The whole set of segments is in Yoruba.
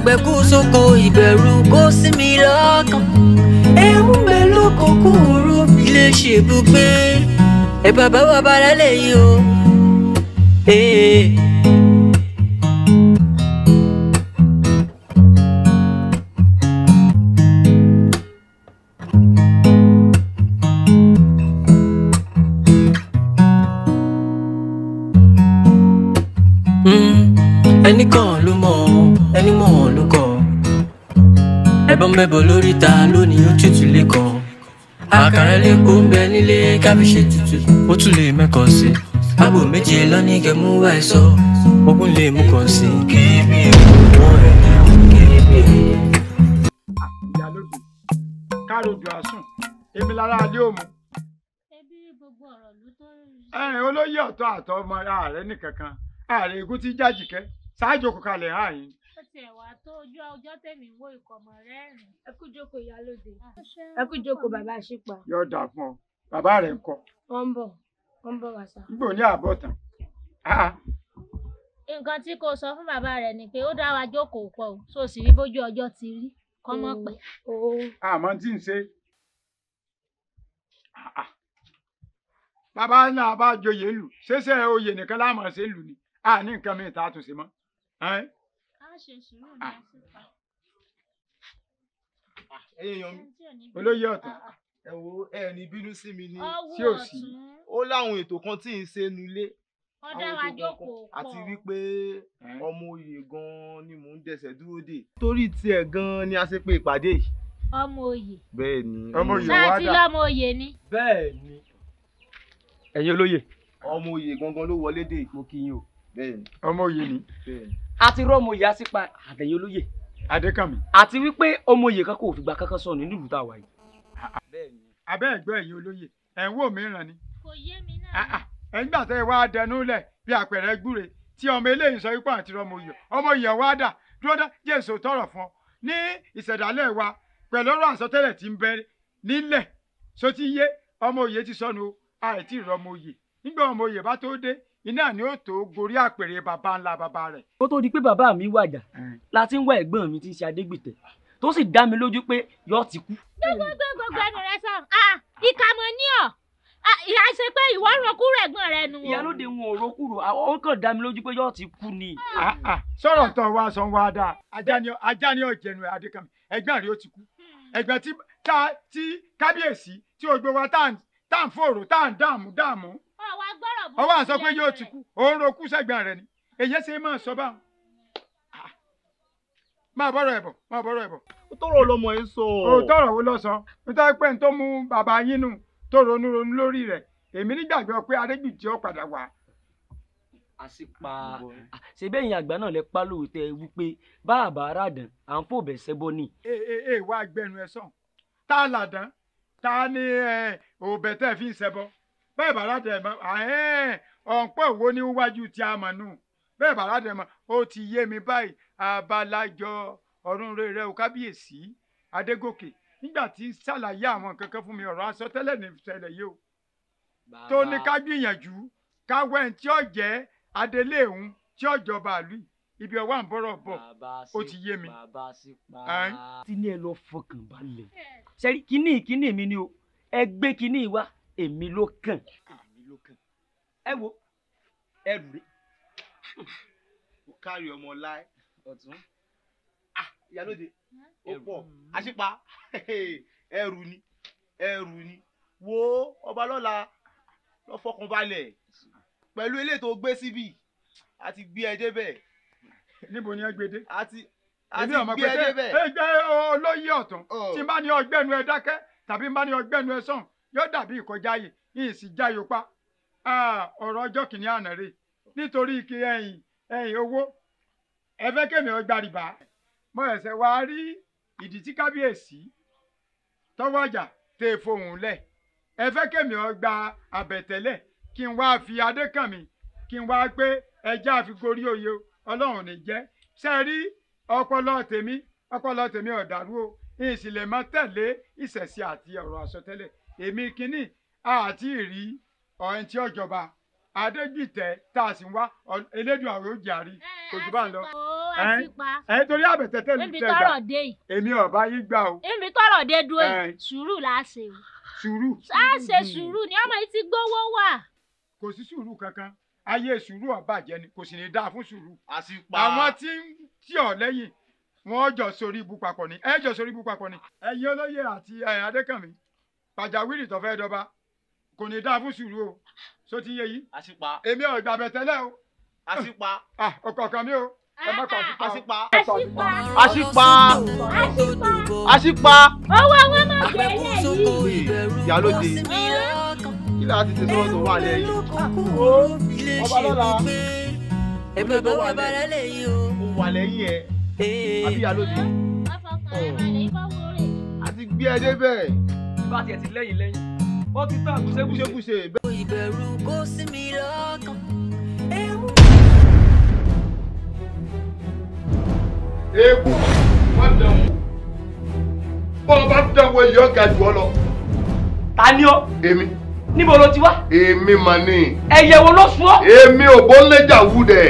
àgbẹ̀kú sóko ìbẹ̀rù kó sí mi lọ́kàn ewu mélòó kò kú oró mi lè ṣèbùgbé ẹ bàbá wa bá lálẹ́ yìí o. Hey. mẹ́bọ̀ lórí ta lónìí ó tútù lẹ́kọ̀ọ́ àkàrà lẹ́kọ̀ọ́ ń bẹ nílé kábíyèsí tútù ó tún lè mẹ́kọ̀ọ́ sí i méje lọ́ní kẹmú wá ẹ̀ sọ ogún lè mú kàn sí i. kébì àsùn èmi lára adé òmu. ẹ̀rìn olóyè ọ̀tọ̀ àtọ́ ọmọ ara rẹ̀ nìkankan ààrẹ ègún jájìkẹ́ ṣáájú òkú kalẹ̀ hàn yín. ó tiẹ̀ wá so ojú ọjọ́ tèmi ń wo ìkọ̀mọ̀ rẹ́rìn. ẹ kú jókòó ìyálóde ah. ẹ kú jókòó bàbá àṣìpà. yóò dà fún ọ bàbá rẹ ńkọ́. wọn ń bọ̀ wọn ń bọ̀ wá sá. gbò ní àbọ̀ tán. nǹkan tí kò sọ fún bàbá rẹ ni pé ó dá wa jókòó pọ̀ o so sì rí bójú ọjọ́ ti rí kọmọ pẹ. àmọ́ tí ń ṣe. bàbá náà bá joyè lù ṣẹṣẹ oyè nìkan láàmú ṣe lù ni àní nǹkan mi ìta àtúnṣe mọ́ ẹ̀yin èèyàn mi olóyè ọ̀tọ̀ ah, ah. ẹ wo ẹ ní bínú sí mi ní tí ò sí ó láwọn ètò kan tí ń ṣe nulé àwọn ètò kan àti wípé ọmọ oyè gan-an ni mò ń dẹsẹ̀ dúró dè torí tiẹ̀ gan-an ni a ṣe pé ìpàdé yìí. ọmọ oyè bẹ́ẹ̀ ni ọmọ oyè wádà láti lọ́mọ oyè ni. bẹ́ẹ̀ ni ẹ̀yin olóyè ọmọ oyè gangan ló wọlé dè mo yín o. bẹ́ẹ̀ ni ọmọ oyè ni. bẹ́ẹ̀ ni àti rọ́ ọmọ ìyá sípa àtẹ̀yẹ olóyè. adékànmí. àti wípé ọmọ òye kankan ò fìgbà kankan sọnù nílùú tá a wà yìí. abẹ́ ẹ̀gbọ́n ẹ̀yin olóyè ẹ̀ ń wò mí ràn ni. kò yé mi náà. Ah, ah, ẹ̀yin gbà tẹ́ ẹ wá dẹnu lẹ̀ bí àpẹẹrẹ gbúre tí ọmọ eléyìí sọ wípé àti rọ́ ọmọ òye ọmọ òye wá dà dúró dá jésù tọrọ fún ọ ní ìṣẹ̀dálẹ̀ wa pẹ̀lú ọ̀rọ̀ àsọtẹ́lẹ̀ tí ń bẹ nílẹ̀ sótí yé ọmọ òye ti sọnù àìtí ìrọmọ òye nígbà ọmọ òye bá tó dé iná ni ó tó gorí àpèrè bàbá ńlá bàbá rẹ̀. kó tó di pé bàbá mi wàjà la ti ń wá ẹ̀gbọ́n mi ti ń ṣe adégbìtẹ̀ tó sì dá mi lójú pé yóò ti kú. gbogbo gbogbo ẹnu rẹ sàn ah, ìkàmọ ní ọ ah, ìyá ṣe pé ìwọ rọkú rẹ gbọn rẹ nu. ìyálóde wọn ò rọkú rò ó dá mi lójú pé yóò ti kú ni. Ah, sọ̀rọ̀ tó wá sọ wá dáa ajá ni ọ̀jẹ̀nu adékàmí ẹ̀gbọ́n rẹ̀ ó ti kú hmm. ẹ̀gbọ́n tí kábíyèsí tí ó gbé wa tá à ń fòrò tá à ń dààmú dààmú ó wá sọ pé yóò ti kú òun rokú sẹ́gbọ̀n rẹ̀ ni èyí ṣe máa sọ báwọn máa bọ́rọ̀ ẹ̀bọ̀ máa bọ́rọ̀ ẹ̀bọ̀. ó tọrọ lọmọ yìí sọ. ó tọrọ wo lọ sọ nítorí pé n tó mú bàbá yín nù tó ronú ronú lórí rẹ̀ èmi nígbàgbọ́ pé adégbìtì ó padà wá àsìpa ṣe bẹ́yìn àgbà náà lẹ pa lóòótọ́ ẹ wípé báàbà aráàdán à ń fòbẹ̀ ṣẹ́bọ ni. ẹ ẹ ẹ wá gbẹnu ẹ sàn tá a làdán tá a ní ẹ òbẹ tẹ fi ń ṣẹbọ bẹ́ẹ̀ bá látẹ̀ ọ̀npọ̀ wo níwájú tí a mọ̀ nù bẹ́ẹ̀ bá látẹ̀ mọ̀ ó ti yé mi báyìí abalajọ ọ̀run rere o kábíyèsí adégòkè nígbà tí ṣàlàyé àwọn kankan fún mi ọ̀rọ̀ aṣọ tẹ́lẹ̀ ní ìṣẹ̀lẹ̀ yìí o tó ní ká gbìyànjú ká wẹ́n tí ó jẹ́ adelé òun tí ó jọba àlú ibi ọwọ́ àǹbọ̀rọ̀ bọ̀ ó ti yé mi. tí ní ẹ lọ fọkàn balẹ̀ ṣe kínní kínní mi ni o ẹ gbé kínní wá èmi ló kàn èmi ló ẹ wo ẹrù rẹ kò kárí ọmọ láì ọ̀tún ah, ìyálóde ó pọ̀ àṣìpa ẹrù ni ẹrù ni wo ọba lọ́la lọ fọkàn balẹ̀ pẹ̀lú eléyìí tó gbé síbí a gbé ẹ débẹ̀. níbo ni ẹ gbé dé. a ti èmi ọmọ pé ṣe ẹ jẹ olóyè ọ̀tún oh. tí n bá ní ọgbẹ́nu ẹ dákẹ́ tàbí n bá ní ọgbẹ́nu ẹ sàn yóò dàbí ìkọjáyè yìí sì jáyò pa ọ̀rọ̀ ọjọ́ kìíní àná rè nítorí kí ẹ̀yìn ẹ̀yìn owó ẹ fẹ́ kémi ọgbà rìbá mo ẹ̀sẹ̀ wá rí ìdí tí kábíyèsí tọ́wọ́jà tẹ̀ fohùn lẹ̀ ẹ fẹ́ kémi ọgbà àbẹ̀tẹ́lẹ̀ kí n wáá fi adé kàn mí kí n wáá pé ẹjẹ́ àfigorí oyè ọlọ́run ní jẹ́ ṣe rí ọpọlọ tèmi ọpọlọ tèmi ọ̀dàrú o ìsìlẹ̀ mọ́ tẹ̀lé ìṣẹ̀ṣe àti ọ̀rọ̀ àsọtẹ́lẹ̀ èmi kínní àti ìrí ọ̀rẹ́ tí ọ̀jọba adégbìtẹ́ tá a sì ń wá elédùn àrò jàrí ojú bá ń lọ. ẹ torí àbẹ̀tẹ̀ tẹ̀lé tẹ̀ gbà èmi ọ̀bá yìí gbà o. èmi tọrọ dé dúró sùúrù la o. sùúrù. a sùúrù ni ọmọ yìí ti gbówó wà. kò sí sùúrù kankan ayé sùúrù ọ̀bàjẹ́ ni kò sì ní dáa fún sùúrù. àṣìpa àwọn tí ń tì ọ́ lẹ́yìn wọ́n jọ sórí ibú papọ̀ ni ẹ jọ sórí ibú ni ẹ̀yin olóyè àti adékànmí pàjáwìrì tó fẹ́ dọba kò ní dáa fún sùúrù o so ti yé yìí. àṣìpa. èmi ò gbàgbẹ́ tẹ́lẹ̀ o. àṣìpa. Ah, ọkọ̀ kan mi o. àṣìpa. àṣìpa. àṣìpa. àṣìpa. owó àwọn ọmọ ìgbẹ́lẹ̀ yìí. ìyálóde kí lára ti ti sọ́wọ́ tó wà lẹ́yìn. Ah, oh, ọba lọ́la ẹgbẹ́ tó wà lẹ́yìn o. mo wà lẹ́yìn ẹ àbí ìyálóde. àti gbé ẹ débẹ̀ bá tiẹ̀ ti lẹ́yìn lẹ́yìn wọ́n ti tán àgùṣẹ́gùṣe. ìbẹ̀rù kò sí mi lọ́kàn. ewu wọ́n dàn wò bọ́ bá dàn wò èyí jù ọ lọ. ta ni ọ. èmi. níbo ló ti wá. èmi mà ní. ẹyẹ wo ló sun ọ. èmi ò bó lẹ́jà wù dẹ̀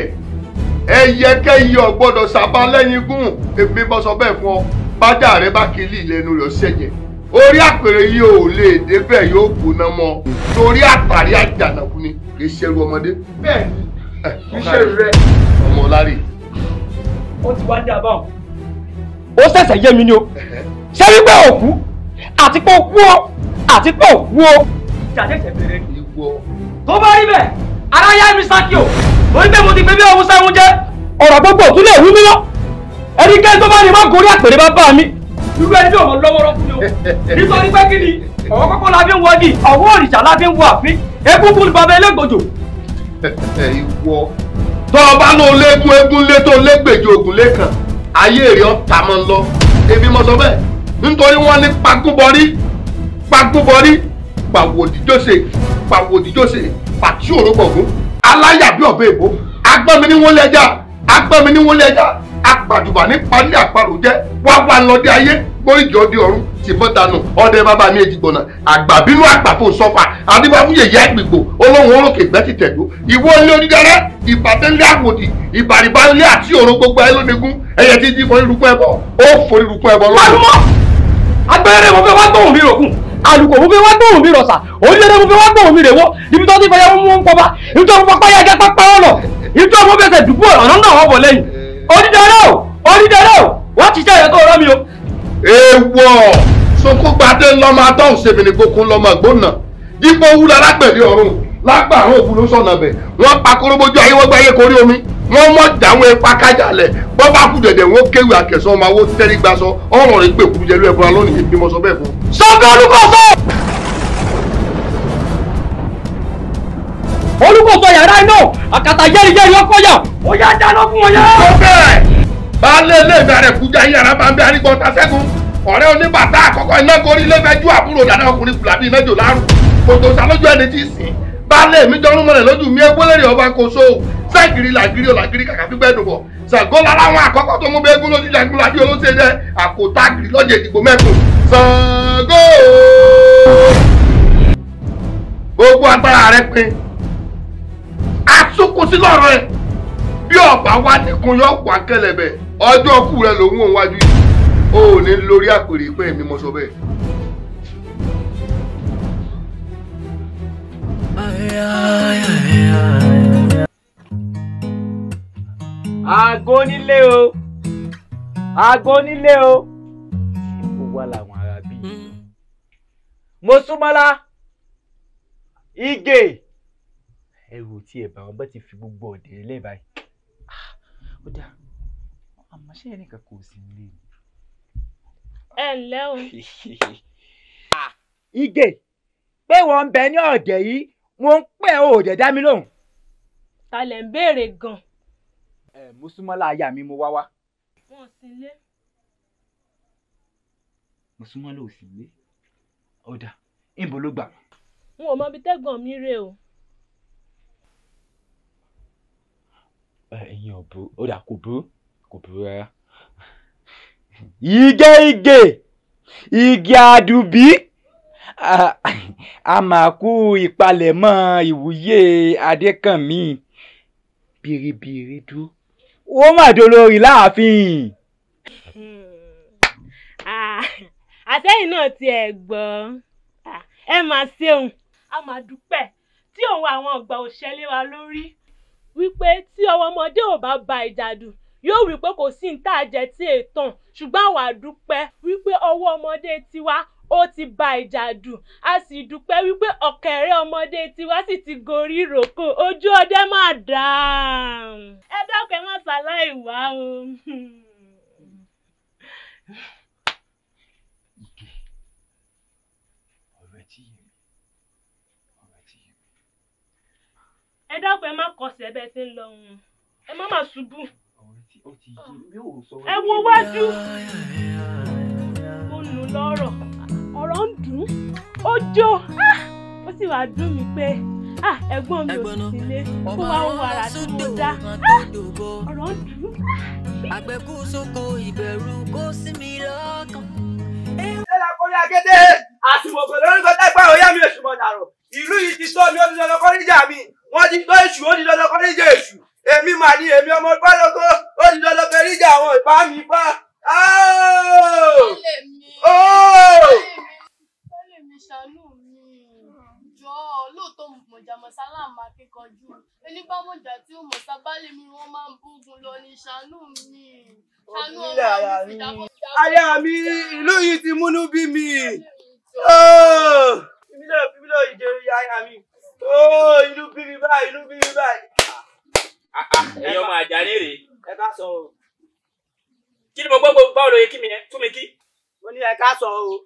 ẹyẹ kẹyẹ ò gbọ́dọ̀ sábà lẹ́yìn gùn èmi bọ́ sọ bẹ́ẹ̀ fún ọ bájà rẹ bá kiri ìlẹ́nu rẹ̀ ó orí àpèrè yìí ò lè débẹ̀ yóò gbóná mọ́ torí àtàrí àjànàkú ni kì í ṣerú ọmọdé. bẹ́ẹ̀ni kì í ṣerú rẹ. ọmọ lárí. ó ti wá dá a báwọn. ó ṣẹ̀ṣẹ̀ yé mi ni o ṣé wípé òkú àti pé òkú o àti pé òkú o. ìjà ṣẹ̀ṣẹ̀ bẹ̀rẹ̀ ni. tó bá rí bẹ́ẹ̀ ara yá mi sákì o torí pé mo ti gbé bí ọ̀hún sẹ́wọ́n jẹ́. ọ̀rọ̀ gbogbo òtún lè wú mi lọ ẹnikẹ́ni tó bá ní má gorí àpèrè bá bá mi irú ẹni bí òun lọ́wọ́rọ́ fún nítorí pé kí ni ọ̀wọ́ kọ́kọ́ la fi ń wọ di ọ̀wọ́ òrìṣà la fi ń wọ àfin egúngún ni bàbá ẹlẹ́gbòjò. ìwọ tọ́ ọ bá ní olégún egún lé tó légbèjì ògùn lẹ́kàn ayé rẹ̀ ọ́ ta mọ́ lọ èmi mọ́ sọ bẹ́ẹ̀ nítorí wọ́n ní pagúbọrí pagúbọrí pàwòdìjọ́sẹ̀ pàwòdìjọ́sẹ̀ pàtí òrógbọ̀gún aláyàbí ọ̀bẹ èbó agbọ́n mi ní wọ́n lẹ́jà agbọ́n mi ní wọ́n lẹ́jà apàdùbà ní palẹ́ àparò jẹ́ wá wá lọ́dẹ ayé gbóríjọ́ di ọ̀run tìbọ́tanù ọdẹ bàbá mi èjìgbọ̀nà àgbà bínú àgbà fún sọ́fà adébáfúyè yá ìgbìgbò olóhùn orókè gbẹ́tì tẹ̀dó ìwọ ilé onídàrẹ́ ìbàdẹ́lẹ́ àwòdì ìbàrìbá ilé àti òró gbogbo ayé lónìgún ẹyẹ ti di forí rúkún ó forí rúkún lọ́wọ́. àlùmọ́ mo fẹ́ wá tóun bí rògùn àlùkò mo fẹ́ wá tóun bí rọ̀sà orílẹ̀ mo fẹ́ wá tóun bí rèwọ́ ibi èèwọ̀ sokogbadé lọ́mọ atọ́hùn sèmìnì gbókun lọ́mọ gbóná ipò wúlọ alágbẹ̀lẹ̀ ọ̀run lágbàrún òfin ló sọ̀nà bẹ̀ wọ́n pa kóróbójú ayé wọ́n gbáyé korí omi wọ́n mọ̀ dáwọn ipa kájàlẹ̀ bọ́ bá kú dẹ̀dẹ̀ wọ́n kéwì àkẹsàn ọmọ awó tẹ́rí gba sọ ọ̀rọ̀ rẹ̀ gbèkú jẹ́lú ẹ̀fọ́ra lónìí bí mo sọ bẹ́ẹ̀ fún. sọ́kẹ́ olùkọ́sọ́. olùkọ́sọ yàrá iná àkàtà jẹ́rìjẹ́rì ọkọ̀ yà ó yá dáná fún wọn yá. ó baálé iléèfẹ́ rẹ̀ kú jẹ́ yàrá bá ń bẹ arígbọ́ ta sẹ́gun ọ̀rẹ́ oníbàtà àkọ́kọ́ iná gorí iléèfẹ́ ju àbúrò dàdá ọkùnrin fúlàbí iná jò láàrú kòtò sálójú ẹni tí ì sìn baálé mi jọrún mọ́lẹ̀ lójú mi ewélèrè ọba kòso ságìrì làgìrì ọ̀làgìrì kàkà fígbẹ́ dùbọ̀ Ṣàngó lára àwọn àkọ́kọ́ tó mú bẹ́ẹ̀ gún lójú jagunlajú olóṣèlú àkótágìrì lọ́jẹ̀ ìdìbò mẹ́kùn Ṣàngó gbogbo agbára rẹ pin àtúnkù sí lọ́rọ̀ ẹ bí ọba wa nìkan yọ wà kẹlẹ̀bẹ̀ ọjọ́ kù rẹ lòun òun wájú yìí o ò ní lórí àpèrè pé èmi mo sọ bẹ́ẹ̀. aago nílé o aago nílé o ìbò wà láwọn ará bíi mosúmọ́lá igè ẹrù tí ẹ̀ bá wọn bá ti fi gbogbo ọ̀dẹ̀ lẹ́ẹ̀ báyìí ah, ó dáa àmọ́ ṣé ẹnìkan kò sí nílé mi. ẹ ǹlẹ́ o. Ìgè pé wọ́n ń bẹ ní ọ̀dẹ̀ yìí mo ń pẹ́ ò dẹ̀ dá mi lóhùn. ta lẹ̀ ń béèrè gan-an. ẹ mo súnmọ́ láàyà mi mo wá wá. wọn ò sí ilé. mo súnmọ́ lò sí ilé ọ̀dà ìbò ló gbà. n ò mọ ibi tẹ́gbọ̀n mi rè o. ẹ̀yin ò ọ̀dà kò bú kò burú rárá. ìgé ìgè ìgè àdùbí àmàkù ìpalẹ̀mọ́ ìwúyè adékànmí bìrìbìrì dúró ó mà dolórí láàfin. àtẹ̀yìn náà ti ẹ̀ gbọ́ ẹ máa ṣeun a máa dúpẹ́ tí òun àwọn ọgbà òṣèlè lórí wípé tí ọwọ́ ọmọdé ò bá ba ìjà dùn yóò wí pé kò sí níta jẹ tí ètàn ṣùgbọ́n àwa dúpẹ́ wípé ọwọ́ ọmọdé tiwa ó ti ba ìjà dù a sì dúpẹ́ wípé ọ̀kẹ́rẹ́ ọmọdé tiwa sì ti gorí ìrókò ojú ọdẹ má dà ẹ dákun ẹ má ṣàláì wá o. ẹ dákun ẹ má kọsẹ̀ bẹ́ẹ̀ ti ń lọ ẹ má má ṣubú ẹ wo wájú ó nu lọ́rọ̀ ọ̀rọ̀ ń dùn ó jó ah! ó sì wàá dùn mí pé ah, ẹ̀gbọ́n mi ò sì sílé kó wá ó wàrà tí mo dá ah! ọ̀rọ̀ ń dùn. àgbẹ̀kú sóko ìbẹ̀rù kó sí mi lọ́kàn. ṣé lakọ́ni akéde àtùmọ̀gbẹ̀ lórí kọ́tà gbà ó mi èṣù mọ̀ dàrú ìlú yìí ti sọ mi ó ti dandan kọ́ níjà mi wọ́n ti gbọ́ èṣù ó ti dandan kọ́ níjà èṣù èmi mà ní èmi ọmọ gbọ́dọ̀gbọ́ ó ti dọ́dọ̀ fẹ́rí jà àwọn ìbá mi bá. lóòótọ́ mi ìlú yìí ti múnú bí mi. ìbílẹ̀ ìbílẹ̀ ìjẹun ya aya mi. inú bí mi báyìí inú bí mi báyìí. ẹ̀yin ọmọ àjàre rèé. ẹ ká sọ o. kí ni mo gbọ́ pé báwo ló yẹ kí mi yẹn tún mi kí. mo ní ẹ ká sọ o.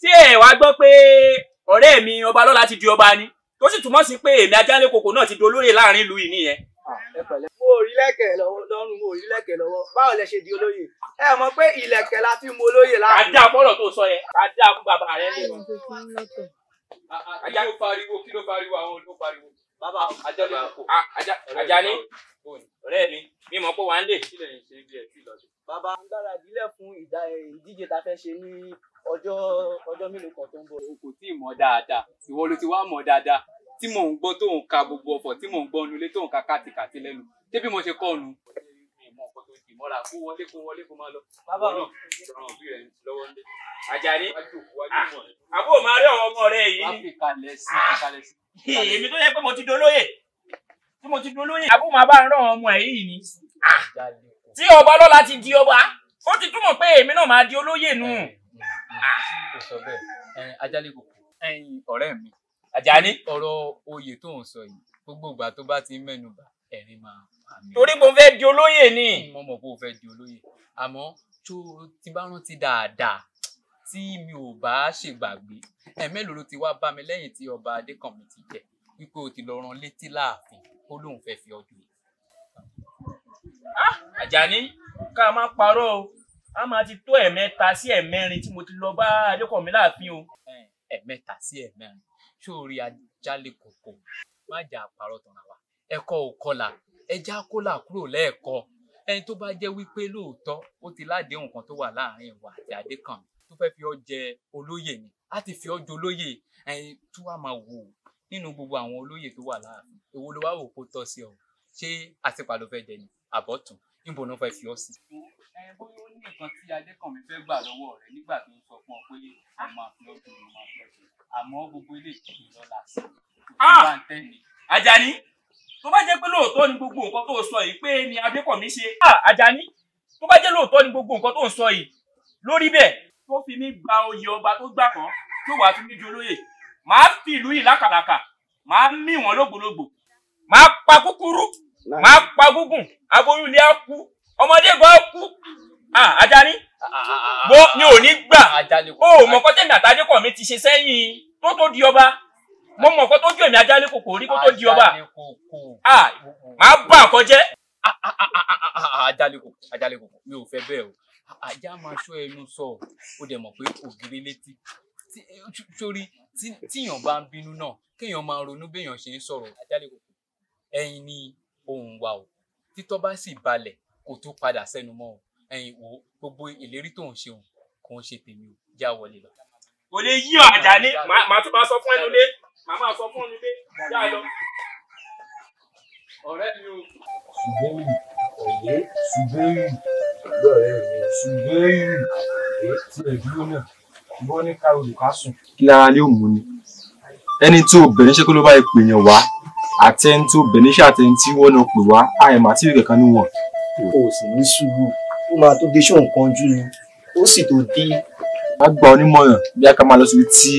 ṣé ẹ wá gbọ́ pé ọ̀rẹ́ mi ọba lọ́la ti di ọba ni tó sì túmọ̀ sí pé èmi ajálẹ̀ kòkò náà ti di olóyè láàrin ìlú yìí nìyẹn. Ah, mo ò rí lẹ́kẹ̀ lọ́rùn mo ò rí lẹ́kẹ̀ lọ́wọ́ báwo lẹ ṣe di olóyè ẹ mọ̀ pé ìlẹ̀kẹ̀ la fi mú olóyè láàrin. kàdá fọ́rọ̀ tó sọ yẹn kàdá fún bàbá rẹ lè mọ. ajá ló pariwo kí ló pariwo àwọn olùkó pariwo bàbá ajálẹ ajá, ajani ah, ọ̀rẹ́ mi mi mọ̀ pé wà á lè. bàbá ń gbáradì lẹ̀ fún ìdíje tá a fẹ́ ṣe ní ọjọ́ ọjọ́ mélòó kan tó ń bọ̀. o kò tí ì mọ̀ dáadáa ìwọ ló ti wá mọ̀ dáadáa tí mò ń gbọ́ tó ń ka gbogbo ọ̀fọ̀ tí mò ń gbọ́ nulẹ̀ tó ń ka kátìkàtì lẹ́nu ṣé bí mo ṣe kọ́ ọ̀nù. ìmọ̀ra kó wọlé kó wọlé kó máa lọ. bàbá náà ọ̀ràn òbí rẹ̀ lọ́wọ́ ń lé. Àjàní àbó máa rí ọmọ rẹ yìí. wọ́n fi kalẹ̀ sí kalẹ̀ sí èmi tó yẹ pé mo ti dolóyè tí mo ti dolóyè. àbúrò máa bá ń rán ọmọ ẹ yìí ni ah! tí ọba lọ́la ti di ọba ó ti túmọ̀ pé èmi náà máa di olóyè nù. Eh, ah! kò eh, kò kú ọ̀rẹ́ mi Àjàní ọ̀rọ̀ oyè tó ń sọ yìí gbogbo ìgbà tó bá ti ń mẹ́nu bà ẹ̀rín máa pa mí. torí mo fẹ́ di olóyè ni. mo mọ̀ pé o fẹ́ di olóyè àmọ́ tó ti bá rántí dáadáa tí mi ò bá ṣègbàgbé ẹ̀mẹ́lòó ló ti wá bá mi lẹ́yìn tí ọba adékànmí ti jẹ wípé o ti lọ ran létí láàfin ó lóun fẹ́ fi ọdún. Ah! àjàní ká má parọ́ o a máa ti tó ẹ̀mẹ́ta sí ẹ̀mẹ́rin tí mo ti lọ bá adékànmí láàfin o. ẹ̀mẹ́ta sí ẹ̀mẹ́rin sórí ajálẹ̀ kòkó má jà àparọ̀ tọ̀nà wa ẹ̀kọ́ ò kọlà ẹja kólà kúrò lẹ́ẹ̀kọ́ ẹni tó bá jẹ́ wípé lóòótọ́ ó ti ládéhùn kan tó wà láàrin ìwà àti adékànmí tó fẹ́ fi ọ jẹ olóyè ni á ti fi ọ jẹ olóyè ẹyin tó wà máa wò nínú gbogbo àwọn olóyè tó wà láàfin èwo ló wá wò kó tọ́ sí ọ ṣé àtìpà ló fẹ́ jẹ ni àbọ̀tún níbo ló fẹ́ fi ọ sí. ẹ bóyá ó ní nǹkan tí adékànmí fẹ́ gbà lọ́wọ́ rẹ nígbà tó ń sọ fún ọ pé ọmọ àfihàn ọmọ àfihàn àmọ́ gbogbo ilé ìtọ́jú lọ́la sí ah! i. Àjàní tó bá jẹ́ pé lóòótọ́ ni gbogbo nǹkan tó sọ yìí pé ni adékànmí ṣe. Ah! Àjàní tó bá jẹ́ lóòótọ́ ni gbogbo nǹkan tó sọ yìí lórí bẹ́ẹ̀ tó fi mí gba oyè ọba tó gbà kan tó wàá fi mí ju olóyè màá fi ìlú yìí lákàlàkà màá mí wọn lógbòlógbò màá pa kúkúrú màá pa gúngùn aboyún ilé á kú ọmọdé gan á kú Àjàní bó ni ò ní gbà ó mọ̀kọ́ tẹ̀mí àtàdékọ̀ mi ti ṣe sẹ́yìn tó tó di ọba mo mọ̀kọ́ tó jù èmi Àjàní kòkò rí kó tó di ọba màá bá àkọ́jẹ́. Àjàní kòkò Àjàní kòkò mi ò fẹ́ bẹ́ẹ̀ o ajá máa ṣọ́ ẹnu sọ ó dẹ̀ mọ̀ pé ògiri létí torí tíyàn bá ń bínú náà kéèyàn máa ronú béèyàn ṣe ń sọ̀rọ̀ ajálẹ̀ kòkò ẹ̀yin ni ohùn wa o títọ́ bá sì balẹ̀ kò tó padà sẹ́nu mọ́ o ẹ̀yin wo gbogbo ìlérí tó ń ṣe òun kò ń ṣe tèmi o já wọlé lọ. o lè yí ọ àjálé màá tún bá sọ fún ẹnu lé màá máa sọ fún ẹnu lé já lọ. ọ̀rẹ́ mi o. ṣùgbọ́n ọ̀yẹ́ ṣùgbọ́n ṣùgbọ́n èyí ti kí lára lè mú ni ẹni tí obìnrin ṣe kó ló bá pè yàn wá àti ẹni tí obìnrin ṣe àti ẹni tí wọ́n náà pè wá àìmọ̀ àti ìrẹ̀ kan ní wọn. o sì ní sùúrù ó máa tó gé ṣóun kan jù ni ó sì tó dé. a gba onímọ̀ràn bí a ká máa lọ síbi tí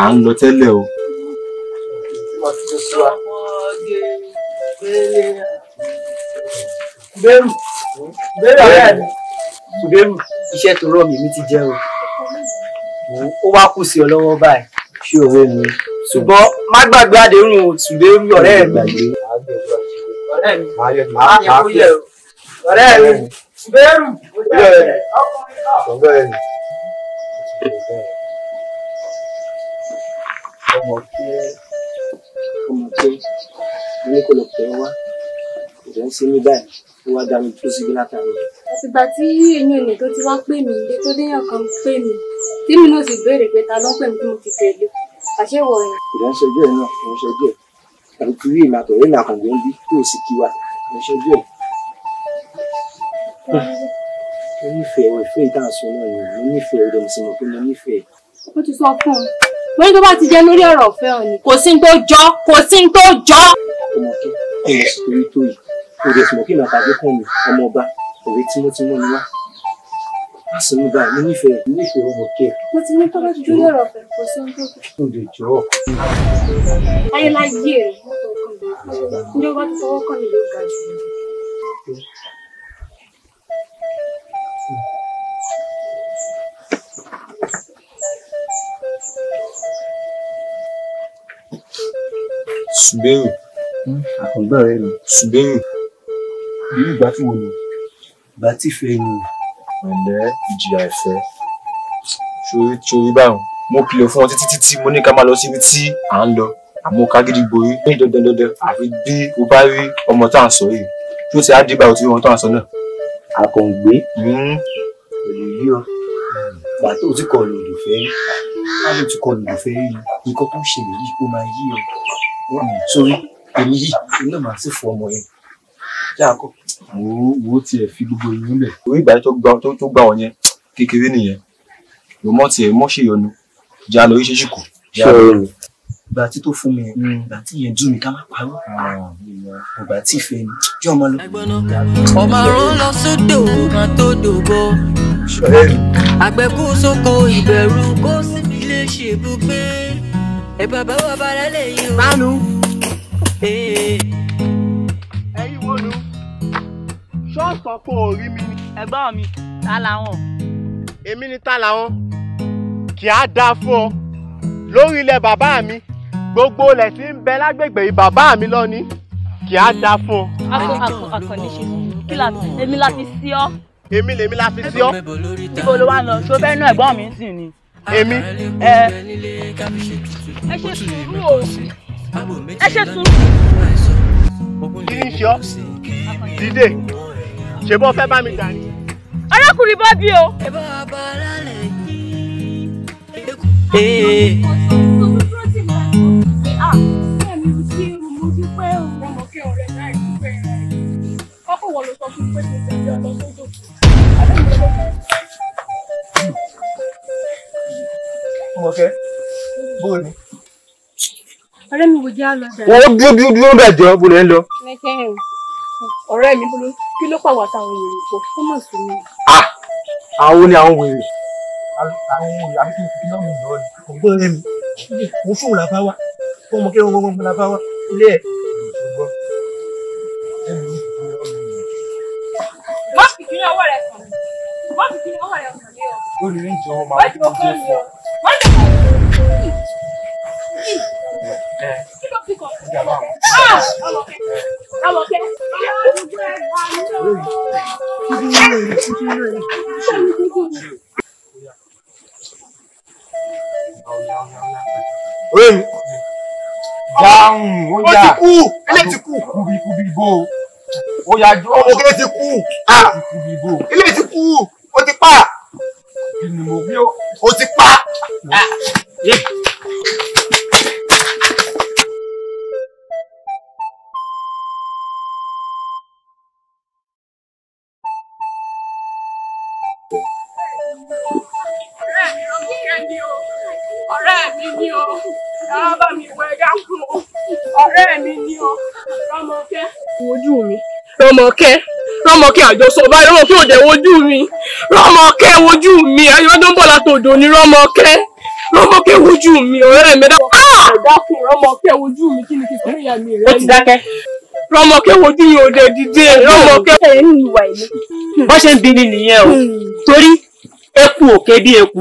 à ń lọ tẹ́lẹ̀ o bẹ́rù bẹ́rù ọ̀rẹ́ mi bẹ́rù iṣẹ́ tó rọ̀ mí mi ti jẹ́ o ó wá kù sí ọ lọ́wọ́ báyìí ṣé òwe mi. ṣùgbọ́n má gbàgbé àdéhùn ṣùgbẹ́rù ọ̀rẹ́ mi ọ̀rẹ́ mi àá yẹ kó yẹ o ọ̀rẹ́ mi ṣùgbẹ́rù ọkùnrin náà. ọmọ kí ọmọ kí ní kò lọ pẹ́ wá kò dẹ́ sí ní báyìí wá dá mi tó síbi látàrí. àtìgbà tí eyín òní tó ti wá pè mí ilé tó déyàn kan pè mí tèmi náà sì béèrè pé ta ló ń pè mí tí mo ti tẹ̀lé àṣẹ ìwọ rẹ. ìránṣẹ́ ọjọ́ ẹ̀ náà ìránṣẹ́ ọjọ́ ẹ̀ àbí kiri ìmọ̀ àtọ̀rẹ́ ìmọ̀ àkàngbẹ́ ń bí kí o sì kí wa ìránṣẹ́ ọjọ́ ẹ̀. mo nífẹ̀ẹ́ ọ̀ ìfẹ́ ìdáhùnsọ náà ni mo nífẹ̀ẹ́ ọ̀dọ̀ mo sì mọ̀ pé mo nífẹ̀ẹ́. ó ti sọ fún un mo ní tó bá ti jẹ lórí ọ̀rọ̀ ọ̀fẹ́ òní kò sí ní tó jọ kò sí ní tó jọ. ọmọ kí ọmọ sì torí tó yìí òde ìsìnkú kí màá tàbí kàn mí ọmọ ọba òwe tímọ́tímọ́ ni wá láti mú báyìí mo nífẹ̀ẹ́ mo nífẹ̀ẹ́ ọmọ kẹ. mo ti ní tọ́lá ju lẹ́rọ̀ ọ̀fẹ́ kò sí ohun tó kù. mo lè jọ. ayélujáyé rẹ ìjọba ti fọwọ́ kàn mí ló ga jù. Suberu. Hmm, Àkàngbọ̀n rẹ nù. Suberu irú ìgbà tí wo ni. ìgbà tí ìfẹ́ ni. ẹ̀lẹ́ ìjìyà ìfẹ́ ṣorí ṣorí báyìí mo kìlọ̀ fún ọ títí títí mo ní ká máa lọ síbi tí à ń lọ àmọ́ ká gidi gborí ní dandan dandan àfi bí o bá rí ọmọ tá à ń sọ yìí tí ó ti á dìgbà òtún ọmọ tá à ń sọ náà. akọ̀ǹgbé òlò hmm. yí ọ gbà tó ti kọlù òdò fẹ́ rí ká ló ti kọlù òdò fẹ́ rí nǹkan tó ń ṣẹlẹ̀ yìí kó máa yí ọ sórí èmi yìí iná màá sì fọ ọmọ yẹn wo tiẹ̀ fi gbogbo ìyún lẹ̀. orí ìgbà tó gbà ọ yẹn kékeré nìyẹn ló mọ tiẹ̀ mọ́ ṣe yọnu já lọ oríṣiríṣi kù. ìgbà tí tó fún mi hmm. ìgbà tí yẹn dùn mí ká má parọ́ hmm. ìgbà tí ìfẹ́ mi jẹ́ ọmọ lọ. ọmọ rún lọ sódò kan tó dògbò. àgbẹ̀kú sóko ìbẹ̀rù kó síbi lè ṣèbùgbé ẹ̀ bàbá wa balẹ̀ lẹ́yìn o. ṣọ́ọ̀sán kò rí mi ni. ẹ̀gbọ́n mi ta làwọn. èmi ni ta làwọn kì á dáa fún ọ lórí ilẹ̀ bàbá mi gbogbo ilẹ̀ tí ń bẹ lágbègbè yìí bàbá mi lọ ni kì á dáa fún ọ. akọ akọ akọni ṣe kí la èmi la fi sí ọ. èmi lèmi la fi sí ọ. níbo ló wá lọ ṣó fẹ́ nú ẹ̀gbọ́n mi sì ni. èmi ẹ ẹ ṣe sùúrù o ẹ ṣe sùúrù. kí ni ṣe ọ dìde ṣe bọ́ fẹ́ bá mi dà ní. arákùnrin bá bí ah, o. Mọ̀kẹ́, bóò ni? Ọ̀rẹ́ mi wò jẹ́ àlọ́ dà. Wọ́n dúró dúró dúró bẹ̀ jọ, bó ń lọ. Ọ̀rẹ́ mi bolo kí ló pàwọ́ àtàwọn wèrè pọ̀ fún mùsùlùmí. Ah! àwọn ni àwọn wèrè àwọn wèrè àbí kí náà mú lọ ni kò mi mo fún òun àbáwá fún ọmọ kí wọ́n gbọ́n àbáwá ilé ẹ̀. má fi kí ní ọwọ́ rẹ̀ kàn má fi kí ní ọwọ́ rẹ̀ kàn mí o. lórí ní ìjọ ọmọ àwọn ọmọ tó fọ. má jẹ́ kó kí ló fi kàn mí. Oyin dáhùn ó yà ó ti kú ilé ti kú kubi kubi bo ó yà jọ ọmọ kele ti kú kubi bo ilé ti kú ó ti pa kí ni mo bí ó ti pa. Rọ́mọkẹ́ wojú mi Rọ́mọkẹ́ Rọ́mọkẹ́ àjọsọ báyìí Rọ́mọkẹ́ wojú mi Rọ́mọkẹ́ wojú mi ayọ́dún bọ́lá ní wojú mi mi dákun ah! wojú mi kí ni kí ìyá mi mi bó ń bi nìyẹn o hmm. torí eku òkè bí eku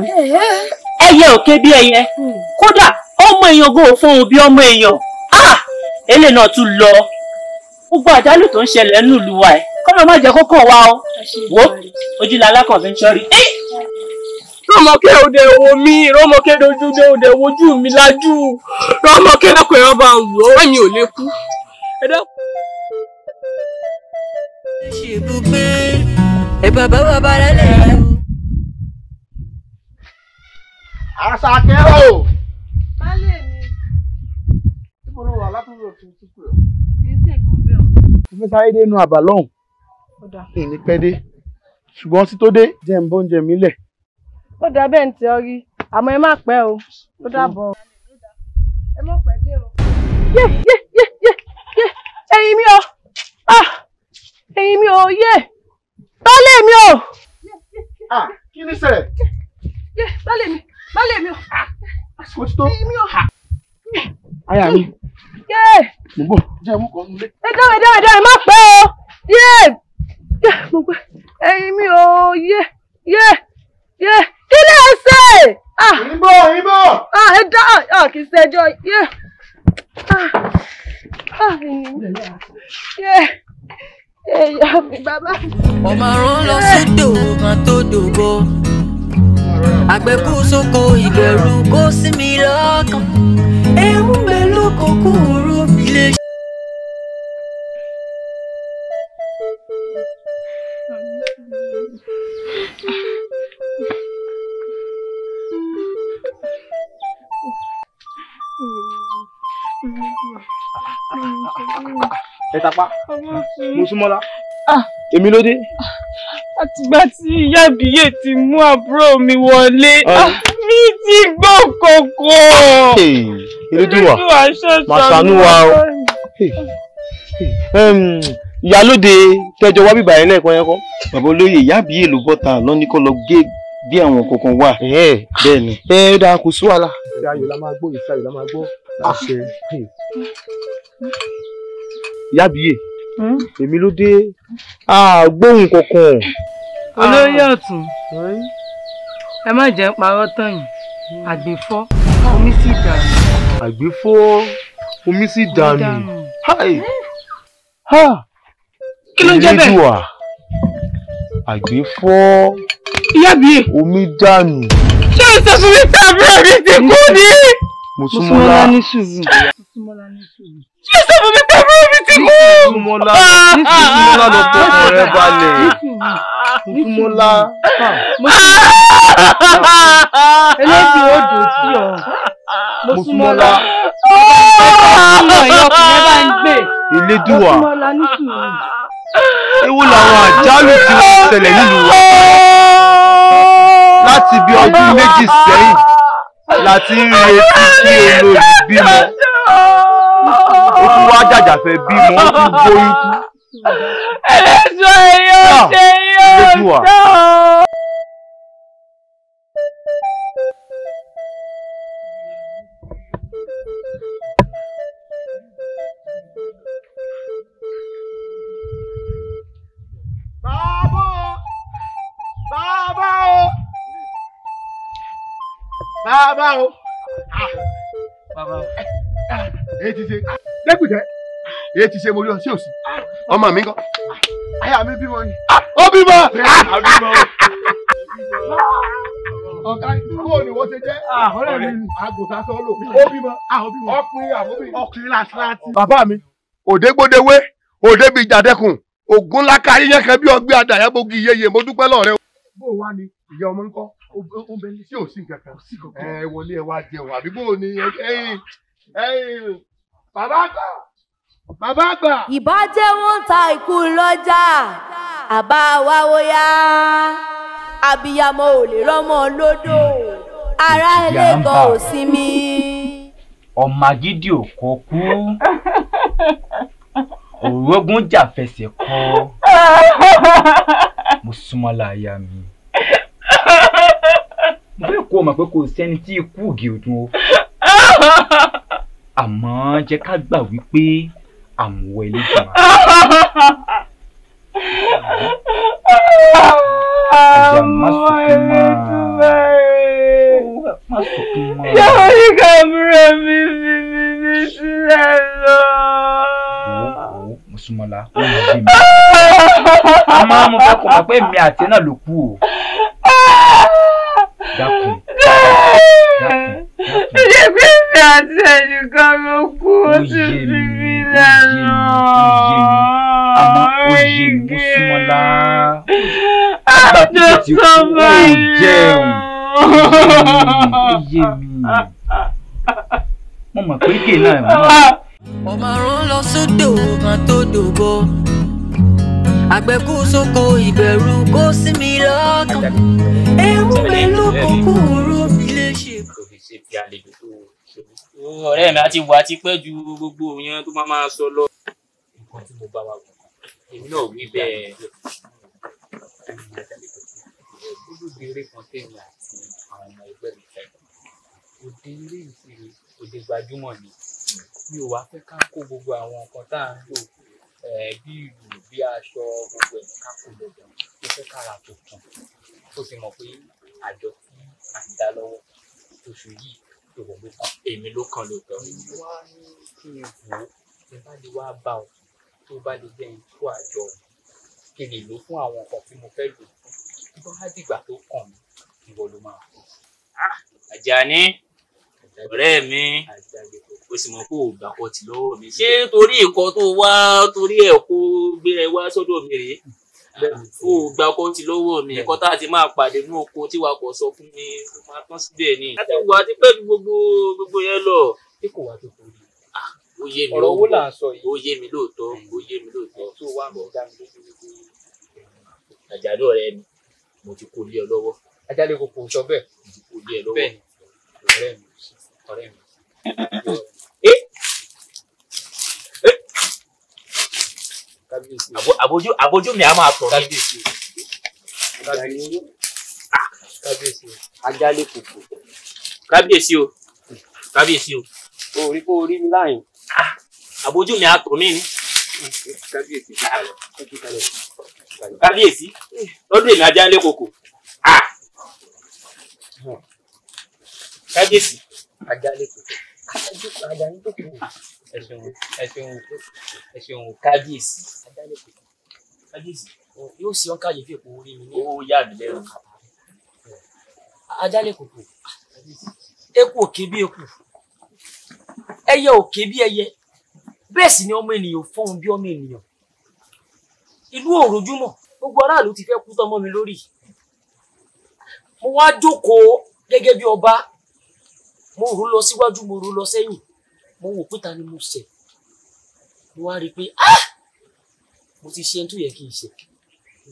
ẹyẹ òkè bí ẹyẹ hmm. kódà ọmọ èèyàn gò bí ọmọ èèyàn. eléyìí náà tún lọ gbogbo àjálù tó ń ṣẹlẹ̀ nínú ìlú wa ẹ̀ kọ́nà má jẹ́ kókó wa o wo ojúlẹ̀ alákọ̀ọ́fẹ́ ń sọ́rí. rọmọkẹ́ òde wo mi rọmọkẹ́ dojú òde wojú mi lájú rọmọkẹ́ lọ́kọ̀ ẹ̀rọ bá ń wò ó mi ò lè kú. ẹ bàbá wa bá mo sáré dé inú àbà lọ́hùn ìní pẹ́ dé ṣùgbọ́n tí tó dé jẹ́ ń bóúnjẹ mi lẹ̀. ó dà bẹ́ẹ̀ ní tíọ́rí àmọ́ ẹ má pẹ́ o ó dàbọ̀. ẹ má pẹ́ dé o. yé yé yé yé yé ẹyin mi o ah! ẹyin mi o yé baálé mi o. Ah! kí ni ṣẹlẹ̀. yé baálé mi baálé mi o. Ah! ẹyin mi o aya mi mo bọ̀ jẹ́ mú kọ́ nílé. ẹ dáwọ̀ ẹ dáwọ̀ má pẹ́ o yé mo pẹ́ ẹyin mi o yé yé yé kí lè ṣe. ìbò ìbò. ẹ dá kì í ṣe ẹjọ́ yé. yé èèyàn mi bàbá. ọmọ àrùn lọ sódò kan tó dògbò àgbẹ̀kú sóko ìbẹ̀rù kó sí mi lọ́kàn. ewu kókó ọ̀rọ̀ mi lè ṣe. ẹ tapá mo súnmọ́ la ah. èmi ló dé. àtìgbà tí ìyá àbíyè ti mú àbúrò mi wọlé ah, mi ti gbọ́ kókó ìrìdùwà màṣánú wa o um, ìyálóde tẹjọ wá bíbà yẹn lẹ́ẹ̀kan yẹn kọ. bàbá olóyè ìyá àbíyè ló bọ́ ta lọ ní kó lọ gé bí àwọn kankan wà. bẹ́ẹ̀ ni. ẹ ẹ dáa kò sí wàhálà. ayò la máa gbọ́ ìṣe ayò la máa gbọ́ ah. àṣẹ. ìyá àbíyè hmm? èmi ló dé àgbóhùn kankan. Ah. olóyè ọ̀tún ẹ má jẹ́ parọ́ tán yìí hmm. àgbẹ̀fọ́ omi sì dàrú àgbéfọ́ omi sì dànù kí ló ń jẹ́ bẹ́ẹ̀ àgbéfọ́ omi dànù. ṣé o sọ fún mi pé àbúrò mi ti kú ni. mùsùlùmọ́lá ní sùúrù. ṣé o sọ fún mi pé àbúrò mi ti kú. mùsùlùmọ́lá mùsùlùmọ́lá lọ bọ́ ọ̀rẹ́ balẹ̀ mùsùlùmọ́lá. eléyìí ó dùn sí ọ mo súnmọ́ la ọkùnrin bá ń gbé ìlédùwà ewu làwọn àjálù tí wọ́n ṣẹlẹ̀ nílùú wa láti bí ọdún méjì sẹ́yìn láti ń retí kí olórí bímọ ó tún wá jàjà fẹ́ bímọ ó tún gbóyún kú. ẹlẹ́sọ̀ èyí ṣe yóò dán. bàbá o ah. bàbá o eh, eh, èyí ti ṣe dẹ́kùjẹ́ èyí ti ṣe mo rí ọ sí òsì ah. ọmọ mi kọ́ àyà ah. mi bímọ ni. ó bímọ. ọ̀gá kúrò ni wọ́n ṣe jẹ́ ọ̀rẹ́ mi àgùntàn sọ lò ó bímọ ọkùnrin àbóbìnrin ọkùnrin láti láti. bàbá mi òdegbodewé òdebìjàdẹkùn ògúnlákà yíyan kan bí ọgbẹ́ àdàyàbógi yeye mo dúpẹ́ lọ́rẹ́ o. bó o wá ní ìyá ọmọ ń kọ́ ó ń bẹ ní. tí ò sí nǹkan kan ẹ wọlé ẹ wá jẹun àbí bò ní ẹ̀yin ẹ̀yin bàbá àgbà bàbá àgbà. ìbá jẹ́ wọ́n ta ikú lọ́jà àbá wa wóyá abiyamọ ò lè rọ́mọ lódò ara ẹlẹ́gàn ò sinmi. ọmọ agídí ò kó kú òrógùn jàfẹsẹ̀ kọ́ mo súnmọ́ láyà mi bẹ́ẹ̀ kó o mọ̀ pé kò sẹ́ni tí ikú ògì òdùn o àmọ́ jẹ́ ká gbà wípé àmúwẹ̀ ilé jùmọ̀. Àjà má sọkún mọ́. Má sọkún mọ́. Ṣé o ní kàmúrò mi mi mi sílẹ̀ lọ? Wo ó ń bí mi. Àmọ́ mo fẹ́ kọ̀ mọ̀ pé èmi àti náà ló kú o. dákun dákun dákun. ṣé pèsè àti ẹnìkan ló kú ó sì ti fi lẹ́nu àmọ́ ó yí gé àjọ tó bá yẹn iye mi mo mọ̀ pé gé náà mọ̀. ọmọ àrùn lọ sódò kan tó dògbò àgbẹ̀kú sóko ìbẹ̀rù kó sí mi lọ́kàn ewu mélòó kò kúrú mi lè ṣe. ọ̀rẹ́ mi àti wà ti pẹ́ ju gbogbo yẹn tó máa máa sọ lọ. nǹkan tí mo bá wa gbọ́ èmi náà wí bẹ́ẹ̀ olùdíire kan tèmi àti àwọn ọmọ ẹgbẹ́ mi fẹ́ òde eré ìsinmi òde gbajúmọ̀ ni mi ò wá fẹ́ ká kó gbogbo àwọn nǹkan tá à ń lò bí ìlú bí aṣọ gbogbo ẹ̀ ká kó lọ jọ ó fẹ́ kára tó tàn ó ti mọ̀ pé àjọ tí à ń dá lọ́wọ́ oṣù yìí ìwọ ló kàn èmi ló kàn lóòótọ́ èmi wá ní kí n wò ó tí n bá lè wá bá ọ tó bá lè jẹ́ ikú àjọ kí n lè lò fún àwọn nǹkan tí mo fẹ́ lò fún bá dìgbà tó kàn mí ìwọ ló máa fún. Ah! Àjàní ọ̀rẹ́ mi ó sì mọ̀ pé ò gbà kọ́ ti lọ́wọ́ mi. ṣé torí nǹkan tó wá torí ẹ̀ kó gbéra ẹ wá sọ́dọ̀ mi rèé ó gba ọkọ ti lọ́wọ́ mi ẹ̀kọ́ tá a ti máa pàdé ní oko tí wa kò sọ fún mi ó máa tán síbẹ̀ ni. láti wà á ti pẹ́ ju gbogbo gbogbo yẹn lọ. tí kò wá tó torí. Ah, ó yé mi ọ̀rọ̀ owó là ń sọ yìí. ó yé mi lóòótọ́ ó yé mi lóòótọ́. tó wà mí dá mi àjálù ọ̀rẹ́ mi mo ti kó lé ọ lọ́wọ́. àjálù kò àbójú eh? eh? àbójú mi a máa tọ̀ ní. kábíyèsí o ajálẹ̀ kòkò. kábíyèsí o kábíyèsí o. o rí kó o rí mi láàyè. àbójú ah, mi a tọ̀ mí ni. kábíyèsí kábíyèsí lọ́dún èmi ajálẹ̀ kòkò. Ah. kábíyèsí ajálẹ̀ kòkò ẹ ṣeun ẹ ṣeun ẹ ṣeun kábíyèsí kábíyèsí yóò o ọ́n káyé fi èpo o mi o ó yà mí lẹ́nu. ajálẹ̀ kòkò eku o bí eku ẹyẹ o bí ẹyẹ bẹ́ẹ̀ sì ni ọmọ ènìyàn fọ́hun bí ọmọ ènìyàn ìlú òrojúmọ̀ gbogbo aráàlú ti fẹ́ kú tọmọ mi lórí mo wá jókòó gẹ́gẹ́ bí ọba mo rù lọ síwájú mo rù lọ sẹ́yìn mo wò pété ni mo ṣẹ̀ mo wá rí i pé ah mo ti ṣe ohun tó yẹ kí n ṣe